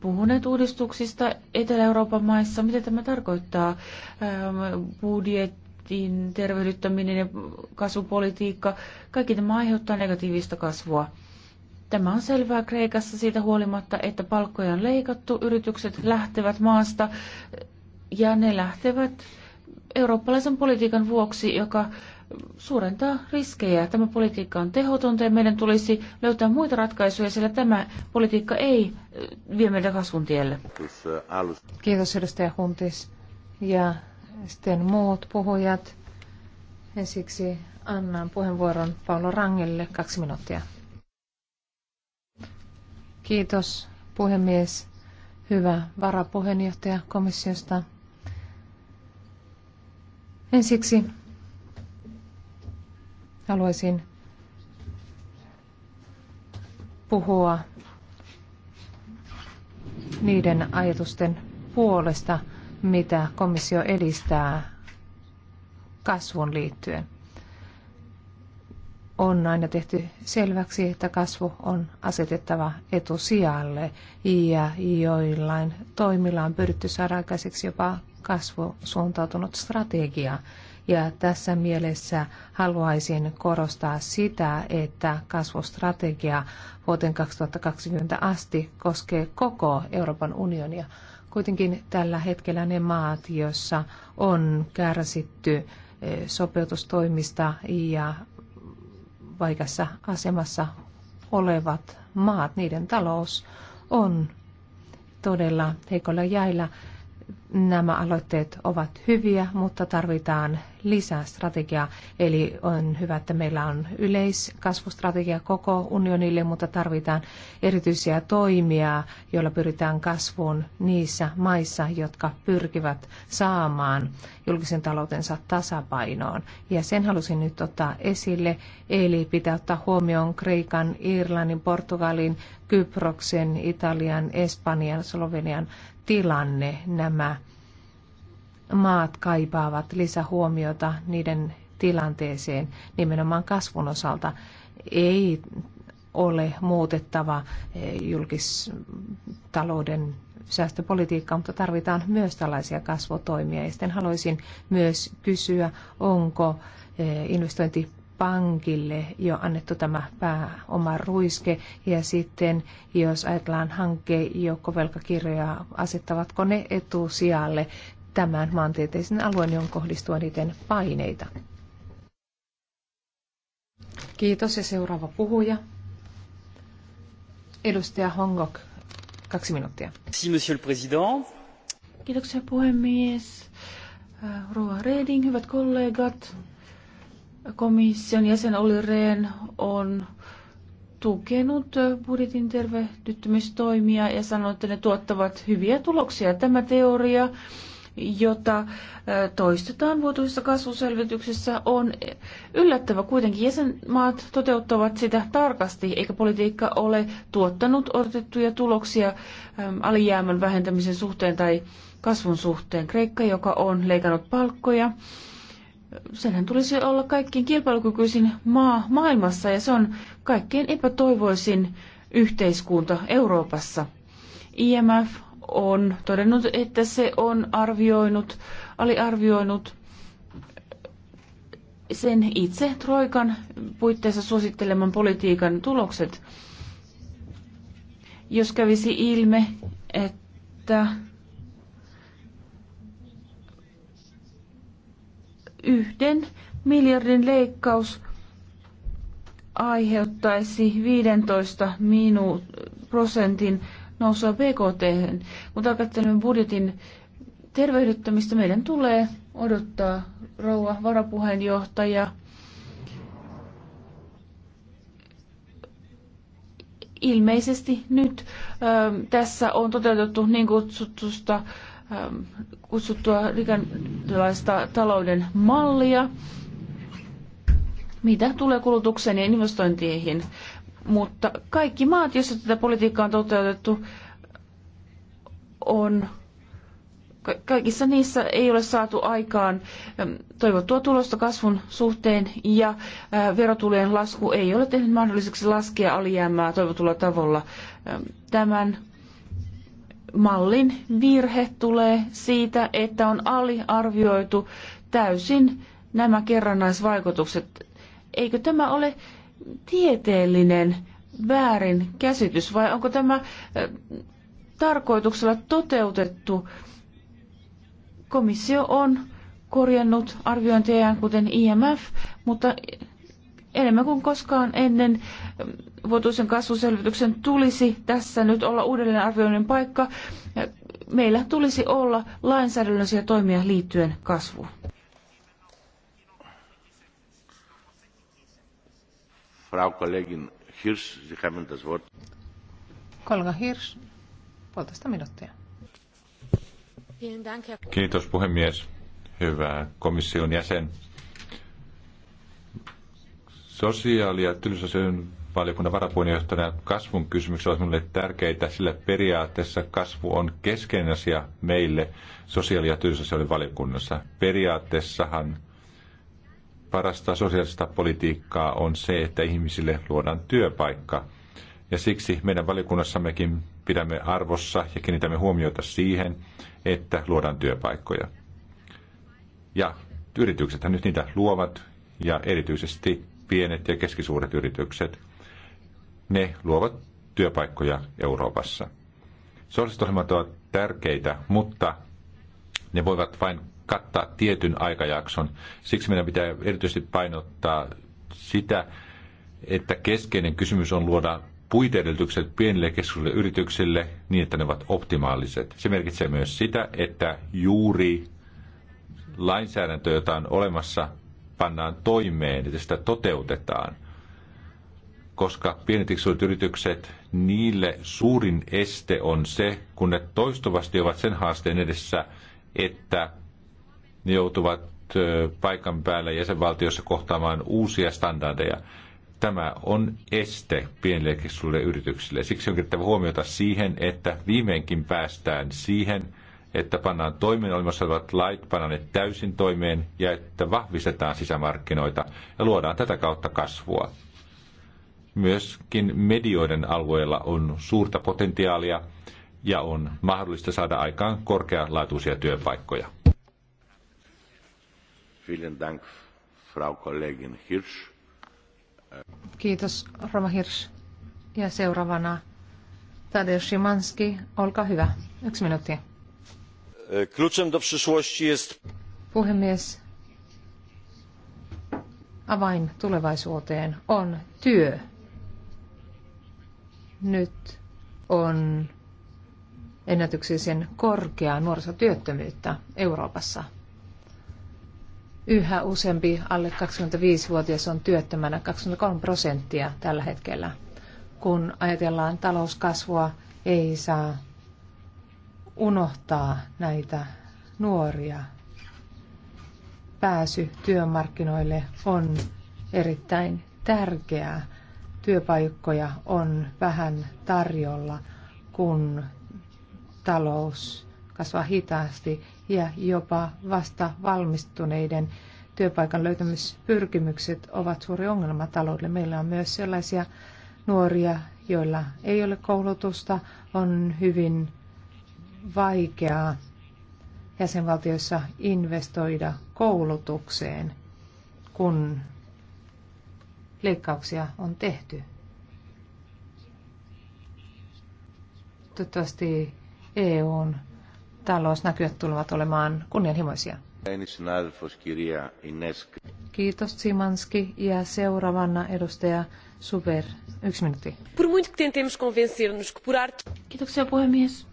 puhuneet uudistuksista Etelä-Euroopan maissa. Mitä tämä tarkoittaa? Ähm, budjetin tervehdyttäminen ja kasvupolitiikka, kaikki tämä aiheuttaa negatiivista kasvua. Tämä on selvää Kreikassa siitä huolimatta, että palkkoja on leikattu, yritykset lähtevät maasta ja ne lähtevät eurooppalaisen politiikan vuoksi, joka suurentaa riskejä. Tämä politiikka on tehotonta ja meidän tulisi löytää muita ratkaisuja, sillä tämä politiikka ei eh, vie meitä kasvun tielle. Kiitos edustaja Huntis ja sitten muut puhujat. Ensiksi annan puheenvuoron Paolo Rangelle kaksi minuuttia. Kiitos puhemies. Hyvä varapuheenjohtaja komissiosta. Ensiksi haluaisin puhua niiden ajatusten puolesta, mitä komissio edistää kasvun liittyen. On aina tehty selväksi, että kasvu on asetettava etusijalle ja joillain toimilla on pyritty saada aikaiseksi jopa kasvusuuntautunut strategia – ja tässä mielessä haluaisin korostaa sitä, että kasvustrategia vuoteen 2020 asti koskee koko Euroopan unionia. Kuitenkin tällä hetkellä ne maat, joissa on kärsitty eh, sopeutustoimista ja vaikeassa asemassa olevat maat, niiden talous on todella heikolla jäillä. Nämä aloitteet ovat hyviä, mutta tarvitaan lisää strategiaa. Eli on hyvä, että meillä on yleiskasvustrategia koko unionille, mutta tarvitaan erityisiä toimia, joilla pyritään kasvuun niissä maissa, jotka pyrkivät saamaan julkisen taloutensa tasapainoon. Ja sen halusin nyt ottaa esille, eli pitää ottaa huomioon Kreikan, Irlannin, Portugalin, Kyproksen, Italian, Espanjan, Slovenian tilanne. Nämä maat kaipaavat lisähuomiota niiden tilanteeseen nimenomaan kasvun osalta. Ei ole muutettava eh, julkistalouden säästöpolitiikkaa, mutta tarvitaan myös tällaisia kasvotoimia. Ja sitten haluaisin myös kysyä, onko eh, investointi pankille jo annettu tämä pääoma ruiske ja sitten jos ajatellaan hanke joukkovelkakirjoja, asettavatko ne etusijalle tämän maantieteisen alueen, johon kohdistuu eniten paineita. Kiitos ja seuraava puhuja. Edustaja Hongok, kaksi minuuttia. Si, monsieur le président. Kiitoksia puhemies. Äh, Rua Reding, hyvät kollegat. Komission jäsen Olli Rehn on tukenut budjetin tervehdyttämistoimia ja sanoi, että ne tuottavat hyviä tuloksia. Tämä teoria jota toistetaan vuotuisissa kasvuselvityksissä, on yllättävä. Kuitenkin jäsenmaat toteuttavat sitä tarkasti, eikä politiikka ole tuottanut odotettuja tuloksia alijäämän vähentämisen suhteen tai kasvun suhteen. Kreikka, joka on leikannut palkkoja, senhän tulisi olla kaikkien kilpailukykyisin maa maailmassa ja se on kaikkein epätoivoisin yhteiskunta Euroopassa. IMF on todennut, että se on arvioinut, aliarvioinut sen itse Troikan puitteissa suositteleman politiikan tulokset. Jos kävisi ilme, että yhden miljardin leikkaus aiheuttaisi 15 minu- prosentin nousua BKT, -hän. kun tarkastelemme budjetin tervehdyttämistä, meidän tulee odottaa rouva varapuheenjohtaja ilmeisesti nyt ö, ähm, tässä on toteutettu niin kutsutusta, ö, ähm, kutsuttua rikantilaista talouden mallia, mitä tulee kulutukseen ja investointeihin mutta kaikki maat, joissa tätä politiikkaa on toteutettu, on kaikissa niissä ei ole saatu aikaan toivottua tulosta kasvun suhteen ja verotulojen lasku ei ole tehnyt mahdolliseksi laskea alijäämää toivotulla tavalla. Tämän mallin virhe tulee siitä, että on aliarvioitu täysin nämä kerrannaisvaikutukset. Eikö tämä ole tieteellinen väärin käsitys vai onko tämä tarkoituksella toteutettu? Komissio on korjannut arviointejaan kuten IMF, mutta enemmän kuin koskaan ennen vuotuisen kasvuselvityksen tulisi tässä nyt olla arvioinnin paikka. Meillä tulisi olla lainsäädännöllisiä toimia liittyen kasvuun. Frau Kollegin Hirsch, Sie haben das Wort. Kollega Hirsch, puolitoista minuuttia. Kiitos puhemies. Hyvä komission jäsen. Sosiaali- ja työllisyysasioiden valiokunnan varapuheenjohtajana kasvun kysymykset ovat minulle tärkeitä, sillä periaatteessa kasvu on keskeinen asia meille sosiaali- ja työllisyysasioiden valiokunnassa. Periaatteessahan parasta sosiaalista politiikkaa on se, että ihmisille luodaan työpaikka. Ja siksi meidän valiokunnassammekin pidämme arvossa ja kiinnitämme huomiota siihen, että luodaan työpaikkoja. Ja yrityksethän nyt niitä luovat, ja erityisesti pienet ja keskisuuret yritykset, ne luovat työpaikkoja Euroopassa. Sosiaaliset ovat tärkeitä, mutta ne voivat vain kattaa tietyn aikajakson. Siksi meidän pitää erityisesti painottaa sitä, että keskeinen kysymys on luoda puiteedellytykset pienille keskuksille yrityksille niin, että ne ovat optimaaliset. Se merkitsee myös sitä, että juuri lainsäädäntö, jota on olemassa, pannaan toimeen, että sitä toteutetaan. Koska pienet yritykset, niille suurin este on se, kun ne toistuvasti ovat sen haasteen edessä, että ne joutuvat paikan päällä jäsenvaltiossa kohtaamaan uusia standardeja. Tämä on este pienille yrityksille. Siksi on kiinnittävä huomiota siihen, että viimeinkin päästään siihen, että pannaan toimeen olemassa olevat lait, pannaan ne täysin toimeen ja että vahvistetaan sisämarkkinoita ja luodaan tätä kautta kasvua. Myöskin medioiden alueella on suurta potentiaalia ja on mahdollista saada aikaan korkealaatuisia työpaikkoja. Vielen Dank, Frau Kollegin Hirsch. Kiitos, Rova Hirsch. Ja seuraavana Tadeusz Szymanski, olkaa hyvä. Yksi minuutti. E, kluczem do przyszłości jest... Puhemies, avain tulevaisuuteen on työ. Nyt on ennätyksellisen korkeaa nuorisotyöttömyyttä Euroopassa. Yhä useampi alle 25-vuotias on työttömänä 23 prosenttia tällä hetkellä. Kun ajatellaan talouskasvua, ei saa unohtaa näitä nuoria. Pääsy työmarkkinoille on erittäin tärkeää. Työpaikkoja on vähän tarjolla, kun talous kasvaa hitaasti ja jopa vasta valmistuneiden työpaikan löytämispyrkimykset ovat suuri ongelma taloudelle. Meillä on myös sellaisia nuoria, joilla ei ole koulutusta, on hyvin vaikeaa jäsenvaltioissa investoida koulutukseen, kun leikkauksia on tehty. Toivottavasti EUn talousnäkyvät tulevat olemaan kunnianhimoisia. Kiitos Simanski ja seuraavana edustaja Super. Yksi minuutti. Kiitoksia puhemies.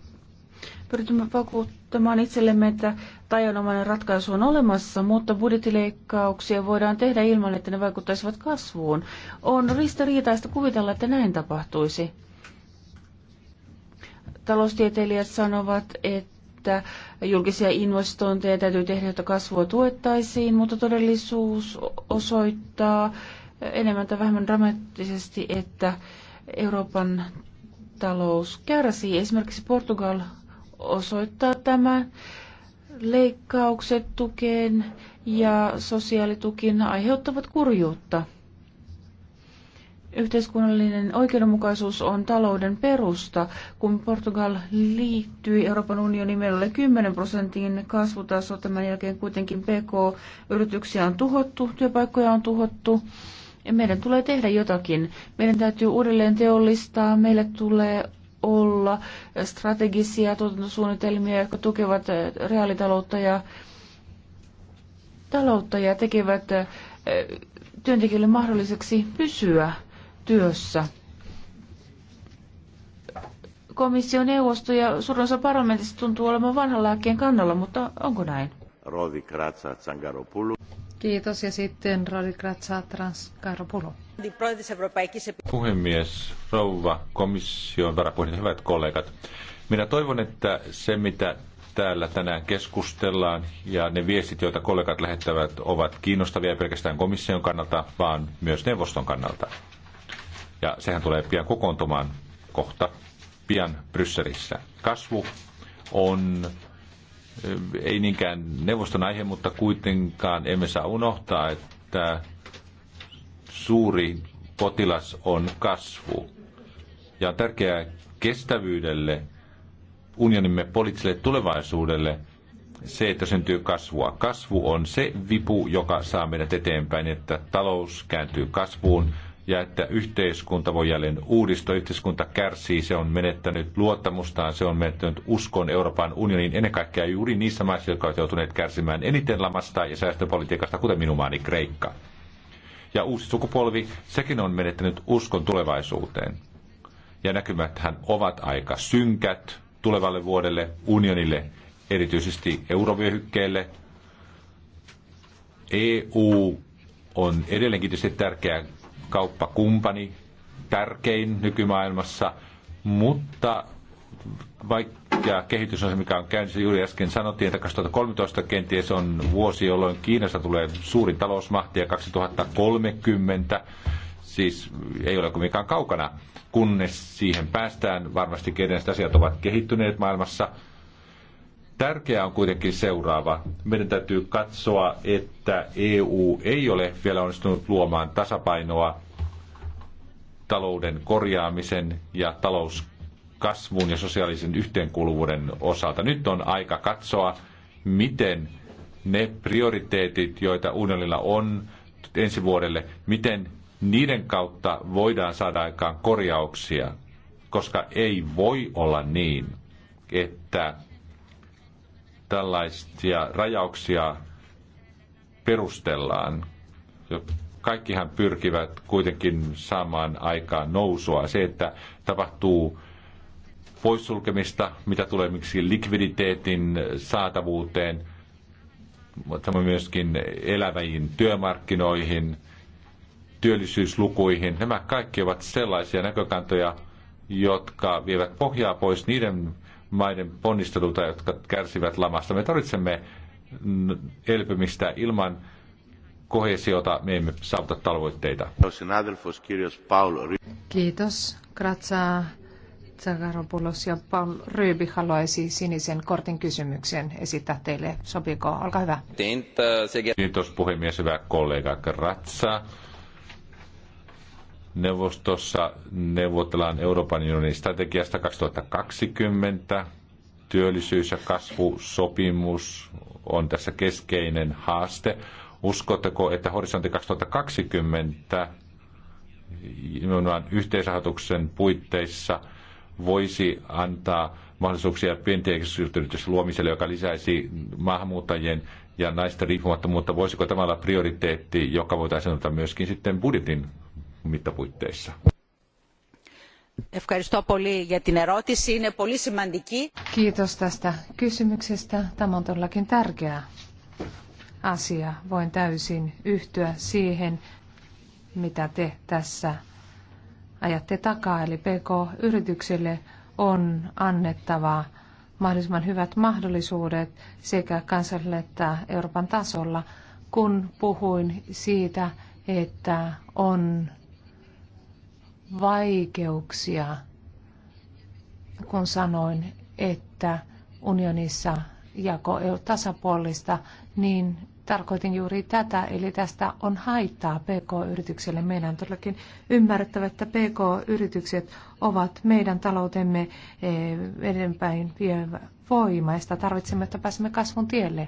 Pyritymme vakuuttamaan itsellemme, että tajanomainen ratkaisu on olemassa, mutta budjettileikkauksia voidaan tehdä ilman, että ne vaikuttaisivat kasvuun. On ristiriitaista kuvitella, että näin tapahtuisi. Taloustieteilijät sanovat, että että julkisia investointeja täytyy tehdä, jotta kasvua tuettaisiin, mutta todellisuus osoittaa enemmän tai vähemmän dramaattisesti, että Euroopan talous kärsii. Esimerkiksi Portugal osoittaa tämän leikkaukset tukeen ja sosiaalitukin aiheuttavat kurjuutta. Yhteiskunnallinen oikeudenmukaisuus on talouden perusta. Kun Portugal liittyi Euroopan unioniin, meillä 10 prosentin kasvutaso. Tämän jälkeen kuitenkin PK-yrityksiä on tuhottu, työpaikkoja on tuhottu. Ja meidän tulee tehdä jotakin. Meidän täytyy uudelleen teollistaa. Meille tulee olla strategisia tuotantosuunnitelmia, jotka tukevat reaalitaloutta ja taloutta ja tekevät eh, työntekijöille mahdolliseksi pysyä työssä. neuvosto ja suurin parlamentista tuntuu olevan vanhan lääkkeen kannalla, mutta onko näin? Rodi Kratsa Kiitos ja sitten Rodi Kratsa Tsangaropoulou. Puhemies, rouva, komission varapuheenjohtaja, hyvät kollegat. Minä toivon, että se mitä täällä tänään keskustellaan ja ne viestit, joita kollegat lähettävät, ovat kiinnostavia pelkästään komission kannalta, vaan myös neuvoston kannalta ja sehän tulee pian kokoontumaan kohta pian Brysselissä. Kasvu on eh, ei niinkään neuvoston aihe, mutta kuitenkaan emme saa unohtaa, että suuri potilas on kasvu. Ja on tärkeää kestävyydelle, unionimme poliittiselle tulevaisuudelle se, että syntyy kasvua. Kasvu on se vipu, joka saa meidät eteenpäin, että talous kääntyy kasvuun, ja että yhteiskunta voi jälleen uudistua. Yhteiskunta kärsii, se on menettänyt luottamustaan, se on menettänyt uskon Euroopan unioniin ennen kaikkea juuri niissä maissa, jotka ovat joutuneet kärsimään eniten lamasta ja säästöpolitiikasta, kuten minun maani Kreikka. Ja uusi sukupolvi, sekin on menettänyt uskon tulevaisuuteen. Ja näkymäthän ovat aika synkät tulevalle vuodelle, unionille, erityisesti eurovyöhykkeelle. EU on edelleenkin tietysti tärkeä kauppakumppani, tärkein nykymaailmassa, mutta vaikka kehitys on se, mikä on käynnissä, juuri äsken sanottiin, että 2013 kenties on vuosi, jolloin Kiinasta tulee suurin talousmahti ja 2030, siis ei ole kovinkaan kaukana, kunnes siihen päästään. Varmasti kenestä asiat ovat kehittyneet maailmassa, Tärkeää on kuitenkin seuraava. Meidän täytyy katsoa, että EU ei ole vielä onnistunut luomaan tasapainoa talouden korjaamisen ja talouskasvun ja sosiaalisen yhteenkuuluvuuden osalta. Nyt on aika katsoa, miten ne prioriteetit, joita unionilla on ensi vuodelle, miten niiden kautta voidaan saada aikaan korjauksia, koska ei voi olla niin, että tällaisia rajauksia perustellaan. Kaikkihan pyrkivät kuitenkin saamaan aikaan nousua. Se, että tapahtuu poissulkemista, mitä tulee miksi likviditeetin saatavuuteen, mutta myöskin eläväjiin työmarkkinoihin, työllisyyslukuihin. Nämä kaikki ovat sellaisia näkökantoja, jotka vievät pohjaa pois niiden maiden ponnistelulta, jotka kärsivät lamasta. Me tarvitsemme elpymistä ilman kohesiota, me emme saavuta tavoitteita. Kiitos. Kratsa Tsagaropoulos ja Paul Ryby haluaisi sinisen kortin kysymyksen esittää teille. Sopiiko? Olkaa hyvä. Kiitos puhemies, hyvä kollega Kratsa Neuvostossa neuvotellaan Euroopan unionin strategiasta 2020. Työllisyys- ja kasvusopimus on tässä keskeinen haaste. Uskotteko, että horisontti 2020 nimenomaan yhteisrahoituksen puitteissa voisi antaa mahdollisuuksia pientien luomiselle, joka lisäisi maahanmuuttajien ja naisten riippumattomuutta. Voisiko tämä olla prioriteetti, joka voitaisiin ottaa myöskin sitten budjetin mittapuitteissa. Kiitos tästä kysymyksestä. Tämä on todellakin tärkeä asia. Voin täysin yhtyä siihen, mitä te tässä ajatte takaa. Eli PK-yrityksille on annettava mahdollisimman hyvät mahdollisuudet sekä kansallisella että Euroopan tasolla, kun puhuin siitä, että on vaikeuksia, kun sanoin, että unionissa jako ei ole tasapuolista, niin tarkoitin juuri tätä, eli tästä on haittaa PK-yritykselle. Meidän on todellakin ymmärrettävä, että PK-yritykset ovat meidän taloutemme eh, edempäin vievä voima, ja sitä tarvitsemme, että pääsemme kasvun tielle.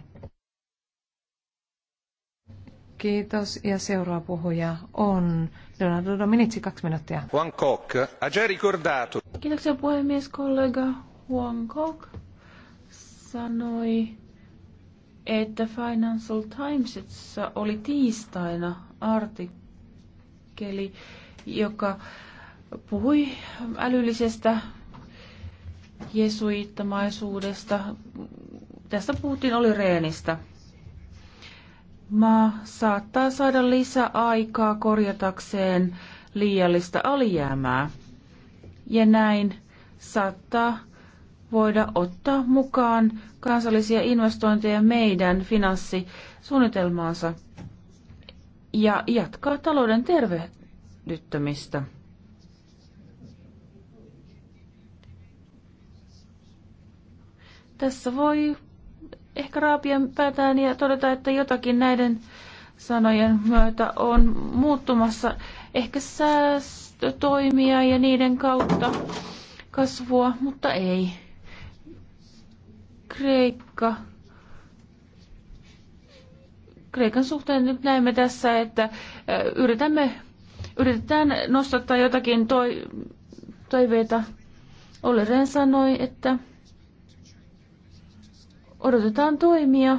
Kiitos. Ja seuraava puhuja on Leonardo Dominici, kaksi minuuttia. Juan Kok, ha già ricordato. Kiitoksia puhemies, kollega Juan Kok sanoi, että Financial Timesissa oli tiistaina artikkeli, joka puhui älyllisestä jesuittamaisuudesta. Tästä puhuttiin oli Reenistä maa saattaa saada lisäaikaa korjatakseen liiallista alijäämää. Ja näin saattaa voida ottaa mukaan kansallisia investointeja meidän finanssisuunnitelmaansa ja jatkaa talouden tervehdyttämistä. Tässä voi ehkä raapien päätään ja todeta, että jotakin näiden sanojen myötä on muuttumassa. Ehkä säästötoimia ja niiden kautta kasvua, mutta ei. Kreikka. Kreikan suhteen nyt näemme tässä, että yritämme, yritetään nostattaa jotakin toi, toiveita. Olli sanoi, että Odotetaan toimia,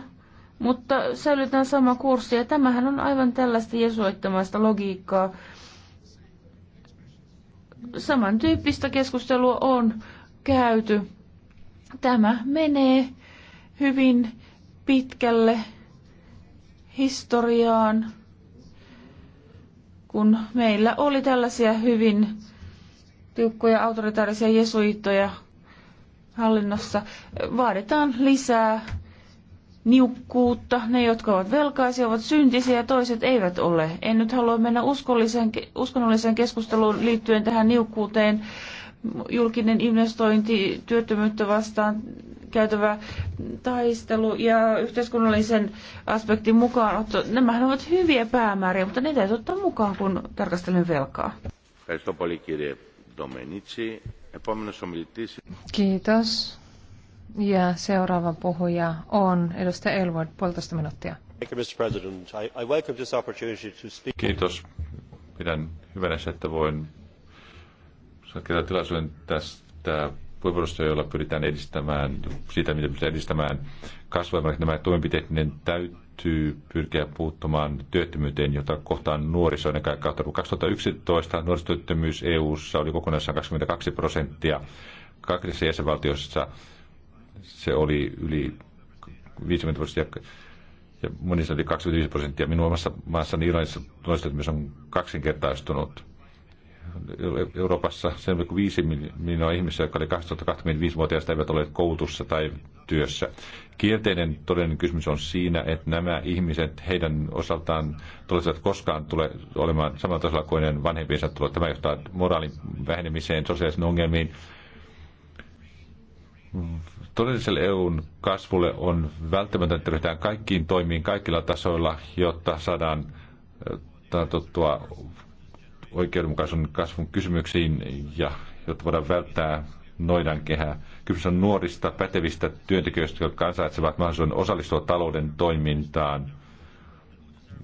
mutta säilytään sama kurssi. Ja tämähän on aivan tällaista jesuittamaista logiikkaa. Samantyyppistä keskustelua on käyty. Tämä menee hyvin pitkälle historiaan, kun meillä oli tällaisia hyvin tiukkoja autoritaarisia jesuittoja hallinnossa vaaditaan lisää niukkuutta. Ne, jotka ovat velkaisia, ovat syntisiä ja toiset eivät ole. En nyt halua mennä uskonnolliseen keskusteluun liittyen tähän niukkuuteen. Julkinen investointi työttömyyttä vastaan käytävä taistelu ja yhteiskunnallisen aspektin mukaan Nämähän ovat hyviä päämääriä, mutta ne täytyy ottaa mukaan, kun tarkastelen velkaa. Kiitos paljon, kirje Domenici. Kiitos. Ja seuraava puhuja on edustaja Elwood, puolitoista minuuttia. Kiitos. Pidän hyvänä, että voin saada tilaisuuden tästä puheenvuorosta, jolla pyritään edistämään sitä, mitä pyritään edistämään kasvoimalla. Nämä toimenpiteet niin täytyy täytyy pyrkiä puuttumaan työttömyyteen, jota kohtaan nuoriso ennen kaikkea 2011 nuorisotyöttömyys EU-ssa oli kokonaisessaan 22 prosenttia. Kaikissa jäsenvaltioissa se oli yli 50 prosenttia ja monissa oli 25 prosenttia. Minun omassa maassani Irlannissa nuorisotyöttömyys on kaksinkertaistunut. Euroopassa viisi miljoonaa ihmistä, jotka oli 2025-vuotiaista, eivät ole koulutussa tai työssä. Kielteinen todellinen kysymys on siinä, että nämä ihmiset heidän osaltaan tulisivat koskaan tule olemaan samalla tasolla kuin ne vanhempiensa tulee. Tämä johtaa moraalin vähenemiseen, sosiaalisiin ongelmiin. Todelliselle EUn kasvulle on välttämätöntä ryhdytään kaikkiin toimiin kaikilla tasoilla, jotta saadaan äh, tartuttua oikeudenmukaisen kasvun kysymyksiin ja jotta voidaan välttää kehää. Kysymys on nuorista, pätevistä työntekijöistä, jotka ansaitsevat mahdollisuuden osallistua talouden toimintaan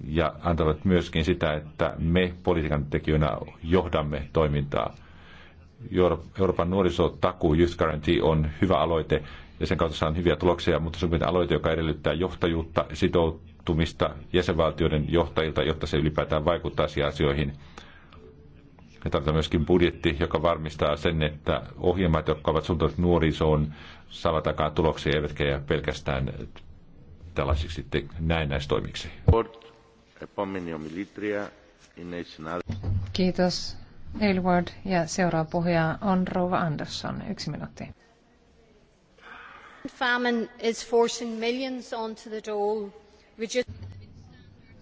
ja antavat myöskin sitä, että me politiikan tekijöinä johdamme toimintaa. Euroopan nuorisotakuu Youth Guarantee on hyvä aloite ja sen kautta saan hyviä tuloksia, mutta se on aloite, joka edellyttää johtajuutta, sitoutumista jäsenvaltioiden johtajilta, jotta se ylipäätään vaikuttaa asioihin. Me tarvitaan myöskin budjetti, joka varmistaa sen, että ohjelmat, jotka ovat suuntautuneet nuorisoon, saavat aikaan tuloksia, eivätkä jää pelkästään tällaisiksi näennäistoimiksi. Kiitos. Aylward ja seuraava puhuja on Rova Andersson. Yksi minuutti.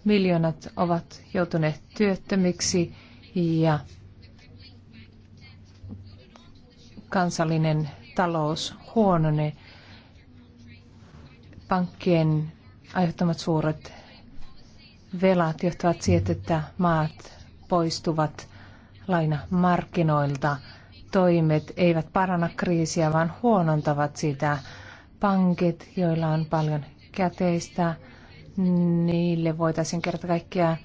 Miljoonat ovat joutuneet työttömiksi ja kansallinen talous huonone. Pankkien aiheuttamat suuret velat johtavat siihen, että maat poistuvat lainamarkkinoilta. Toimet eivät paranna kriisiä, vaan huonontavat sitä. Pankit, joilla on paljon käteistä, niille voitaisiin kerta kaikkiaan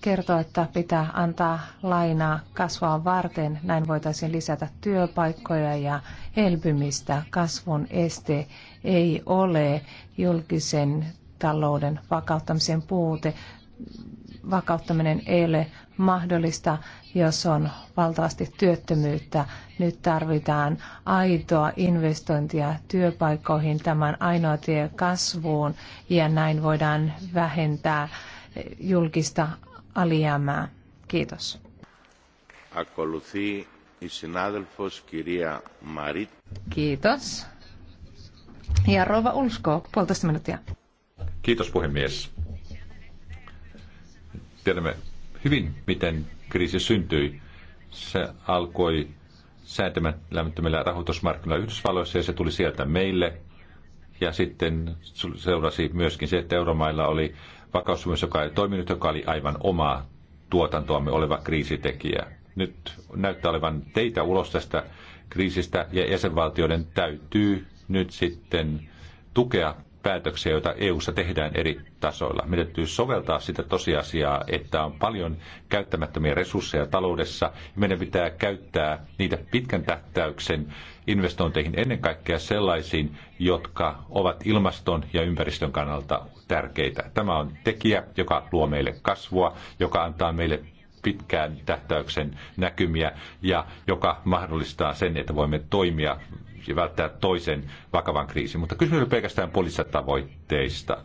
kertoo, että pitää antaa lainaa kasvaa varten. Näin voitaisiin lisätä työpaikkoja ja elpymistä. Kasvun este ei ole julkisen talouden vakauttamisen puute. Vakauttaminen ei ole mahdollista, jos on valtavasti työttömyyttä. Nyt tarvitaan aitoa investointia työpaikkoihin. Tämän ainoa tie kasvuun ja näin voidaan vähentää julkista alijäämää. Kiitos. Kiitos. Ja Rova Ulsko, puolitoista minuuttia. Kiitos puhemies. Tiedämme hyvin, miten kriisi syntyi. Se alkoi säätämättömillä rahoitusmarkkinoilla Yhdysvalloissa ja se tuli sieltä meille. Ja sitten seurasi myöskin se, että euromailla oli vakaussopimus, joka ei toiminut, joka oli aivan omaa tuotantoamme oleva kriisitekijä. Nyt näyttää olevan teitä ulos tästä kriisistä ja jäsenvaltioiden täytyy nyt sitten tukea päätöksiä, joita EU:ssa tehdään eri tasoilla. Meidän täytyy soveltaa sitä tosiasiaa, että on paljon käyttämättömiä resursseja taloudessa. Ja meidän pitää käyttää niitä pitkän tähtäyksen investointeihin ennen kaikkea sellaisiin, jotka ovat ilmaston ja ympäristön kannalta tärkeitä. Tämä on tekijä, joka luo meille kasvua, joka antaa meille pitkään tähtäyksen näkymiä ja joka mahdollistaa sen, että voimme toimia ja välttää toisen vakavan kriisin. Mutta kysymys on pelkästään poliittisista tavoitteista.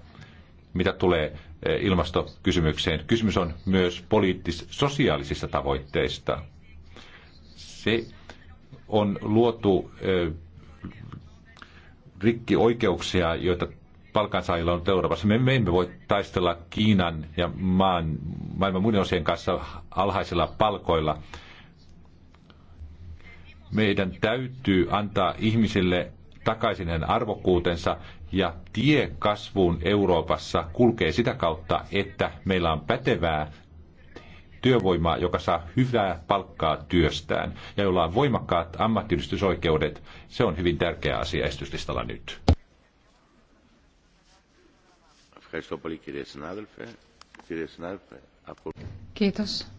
Mitä tulee eh, ilmastokysymykseen, kysymys on myös poliittis-sosiaalisista tavoitteista. Se on luotu eh, rikki oikeuksia, joita palkansaajilla on Euroopassa. Me, me emme voi taistella Kiinan ja maan, maailman muiden osien kanssa alhaisilla palkoilla. Meidän täytyy antaa ihmisille takaisin heidän arvokkuutensa ja tie kasvuun Euroopassa kulkee sitä kautta, että meillä on pätevää työvoimaa, joka saa hyvää palkkaa työstään ja jolla on voimakkaat ammattiyhdistysoikeudet. Se on hyvin tärkeä asia esityslistalla nyt. Kiitos.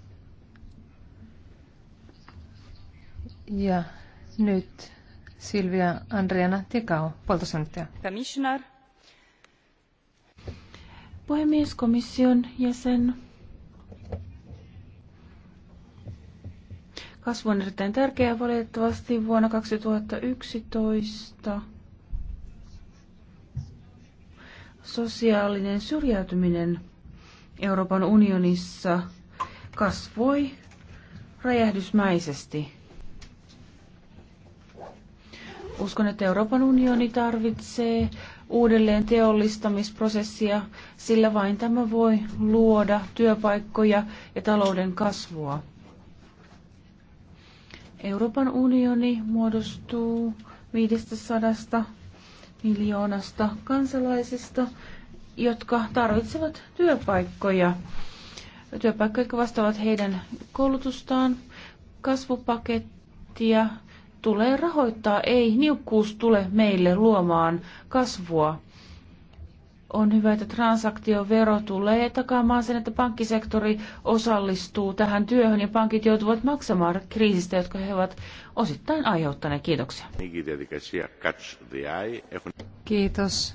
Ja nyt Silvia Andreana Tikau, puolitoista minuuttia. Commissioner. Puhemies, komission jäsen. Kasvu on erittäin tärkeää valitettavasti vuonna 2011. Sosiaalinen syrjäytyminen Euroopan unionissa kasvoi räjähdysmäisesti Uskon, että Euroopan unioni tarvitsee uudelleen teollistamisprosessia, sillä vain tämä voi luoda työpaikkoja ja talouden kasvua. Euroopan unioni muodostuu 500 miljoonasta kansalaisesta, jotka tarvitsevat työpaikkoja. Työpaikkoja, jotka vastaavat heidän koulutustaan, kasvupakettia, tulee rahoittaa. Ei niukkuus tule meille luomaan kasvua. On hyvä, että transaktiovero tulee takaamaan sen, että pankkisektori osallistuu tähän työhön ja pankit joutuvat maksamaan kriisistä, jotka he ovat osittain aiheuttaneet. Kiitoksia. Kiitos.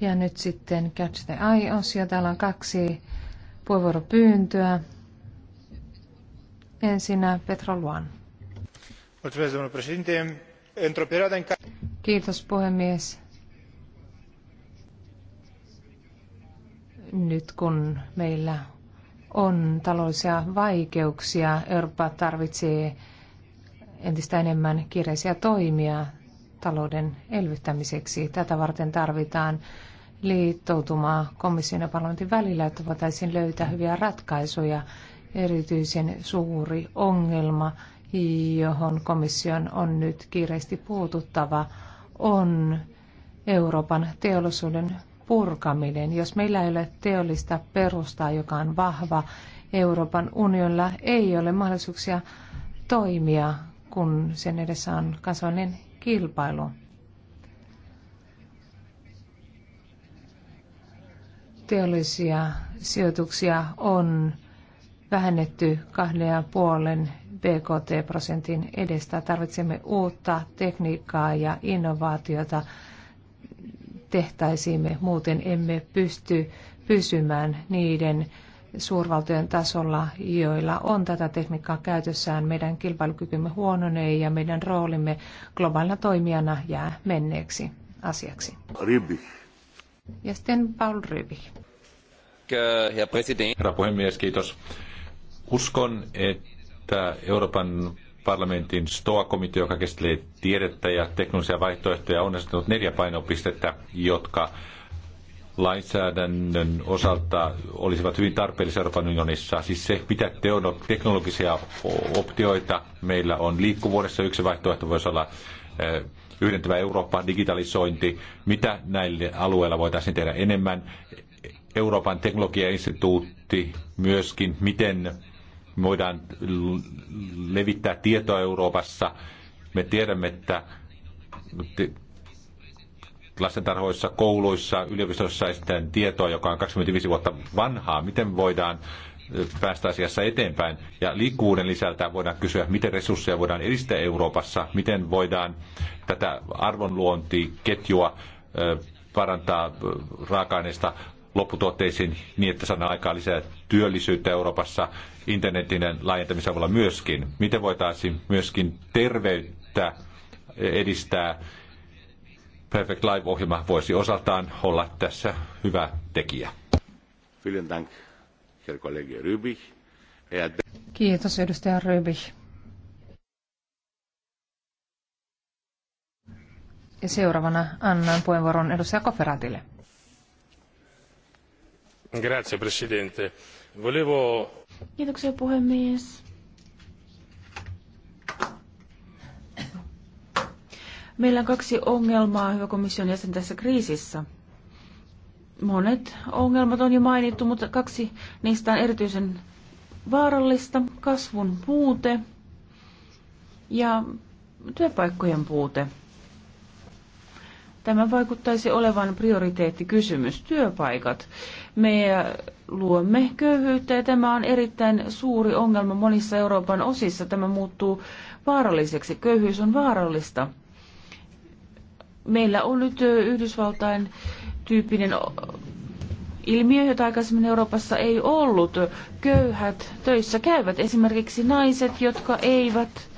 Ja nyt sitten Catch the Eye-osio. Täällä on kaksi puheenvuoropyyntöä. Ensinnä Petro Luan. Kiitos puhemies. Nyt kun meillä on taloudellisia vaikeuksia, Eurooppa tarvitsee entistä enemmän kiireisiä toimia talouden elvyttämiseksi. Tätä varten tarvitaan liittoutumaa komission ja parlamentin välillä, että voitaisiin löytää hyviä ratkaisuja. Erityisen suuri ongelma johon komission on nyt kiireesti puututtava, on Euroopan teollisuuden purkaminen. Jos meillä ei ole teollista perustaa, joka on vahva, Euroopan unionilla ei ole mahdollisuuksia toimia, kun sen edessä on kasvallinen kilpailu. Teollisia sijoituksia on vähennetty kahden ja puolen BKT-prosentin edestä. Tarvitsemme uutta tekniikkaa ja innovaatiota tehtäisimme, muuten emme pysty pysymään niiden suurvaltojen tasolla, joilla on tätä tekniikkaa käytössään. Meidän kilpailukykymme huononee ja meidän roolimme globaalina toimijana jää menneeksi asiaksi. Ribi. Ja sitten Paul Rybik. Herra puhemies, kiitos. Uskon, että että Euroopan parlamentin STOA-komitea, joka käsittelee tiedettä ja teknologisia vaihtoehtoja, on asettanut neljä painopistettä, jotka lainsäädännön osalta olisivat hyvin tarpeellisia Euroopan unionissa. Siis se, mitä teknologisia optioita meillä on liikkuvuudessa. Yksi vaihtoehto voisi olla eh, yhdentävä Eurooppa, digitalisointi. Mitä näille alueilla voitaisiin tehdä enemmän? Euroopan teknologiainstituutti myöskin, miten voidaan levittää tietoa Euroopassa. Me tiedämme, että lastentarhoissa, kouluissa, yliopistossa esitetään tietoa, joka on 25 vuotta vanhaa. Miten voidaan päästä asiassa eteenpäin? Ja liikkuvuuden lisältä voidaan kysyä, miten resursseja voidaan edistää Euroopassa, miten voidaan tätä arvonluontiketjua parantaa raaka-aineista lopputuotteisiin niin, että saadaan aikaa lisää työllisyyttä Euroopassa internetin laajentamisen avulla myöskin. Miten voitaisiin myöskin terveyttä edistää? Perfect Live-ohjelma voisi osaltaan olla tässä hyvä tekijä. Kiitos edustaja Rybich. Ja seuraavana annan puheenvuoron edustaja Koferatille. Grazie Presidente. Volevo... Kiitoksia puhemies. Meillä on kaksi ongelmaa, hyvä komission jäsen, tässä kriisissä. Monet ongelmat on jo mainittu, mutta kaksi niistä on erityisen vaarallista. Kasvun puute ja työpaikkojen puute. Tämä vaikuttaisi olevan prioriteettikysymys. Työpaikat. Me luomme köyhyyttä ja tämä on erittäin suuri ongelma monissa Euroopan osissa. Tämä muuttuu vaaralliseksi. Köyhyys on vaarallista. Meillä on nyt Yhdysvaltain tyyppinen ilmiö, jota aikaisemmin Euroopassa ei ollut. Köyhät töissä käyvät esimerkiksi naiset, jotka eivät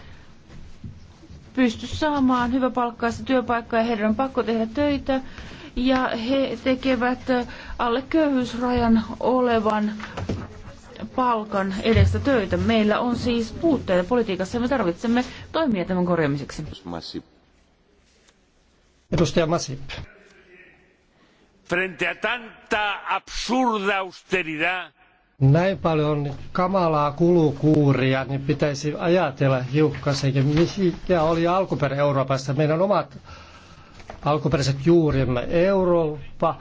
pysty saamaan hyväpalkkaista työpaikkaa ja heidän on pakko tehdä töitä. Ja he tekevät alle köyhyysrajan olevan palkan edestä töitä. Meillä on siis puutteita politiikassa ja me tarvitsemme toimia tämän korjaamiseksi. Edustaja Masip. Frente a tanta absurda austeridad, näin paljon kamalaa kulukuuria, niin pitäisi ajatella hiukkasenkin, mikä oli alkuperä Euroopassa. Meidän omat alkuperäiset juurimme. Eurooppa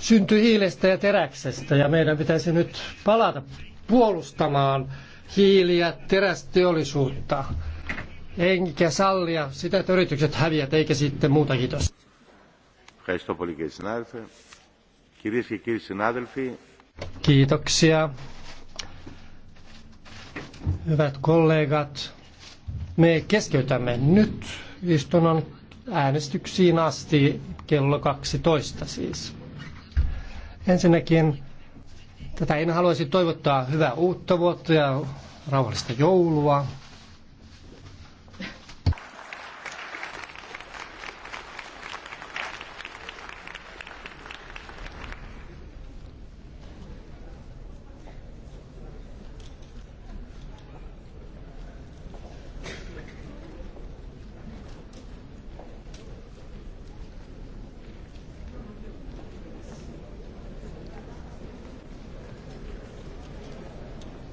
syntyi hiilestä ja teräksestä ja meidän pitäisi nyt palata puolustamaan hiili- ja terästeollisuutta. Enkä sallia sitä, että yritykset häviät, eikä sitten muuta. Kiitos. kiitos, πολύ κύριε συνάδελφε. Κυρίες και Kiitoksia. Hyvät kollegat, me keskeytämme nyt istunnon äänestyksiin asti kello 12 siis. Ensinnäkin tätä en haluaisi toivottaa hyvää uutta vuotta ja rauhallista joulua.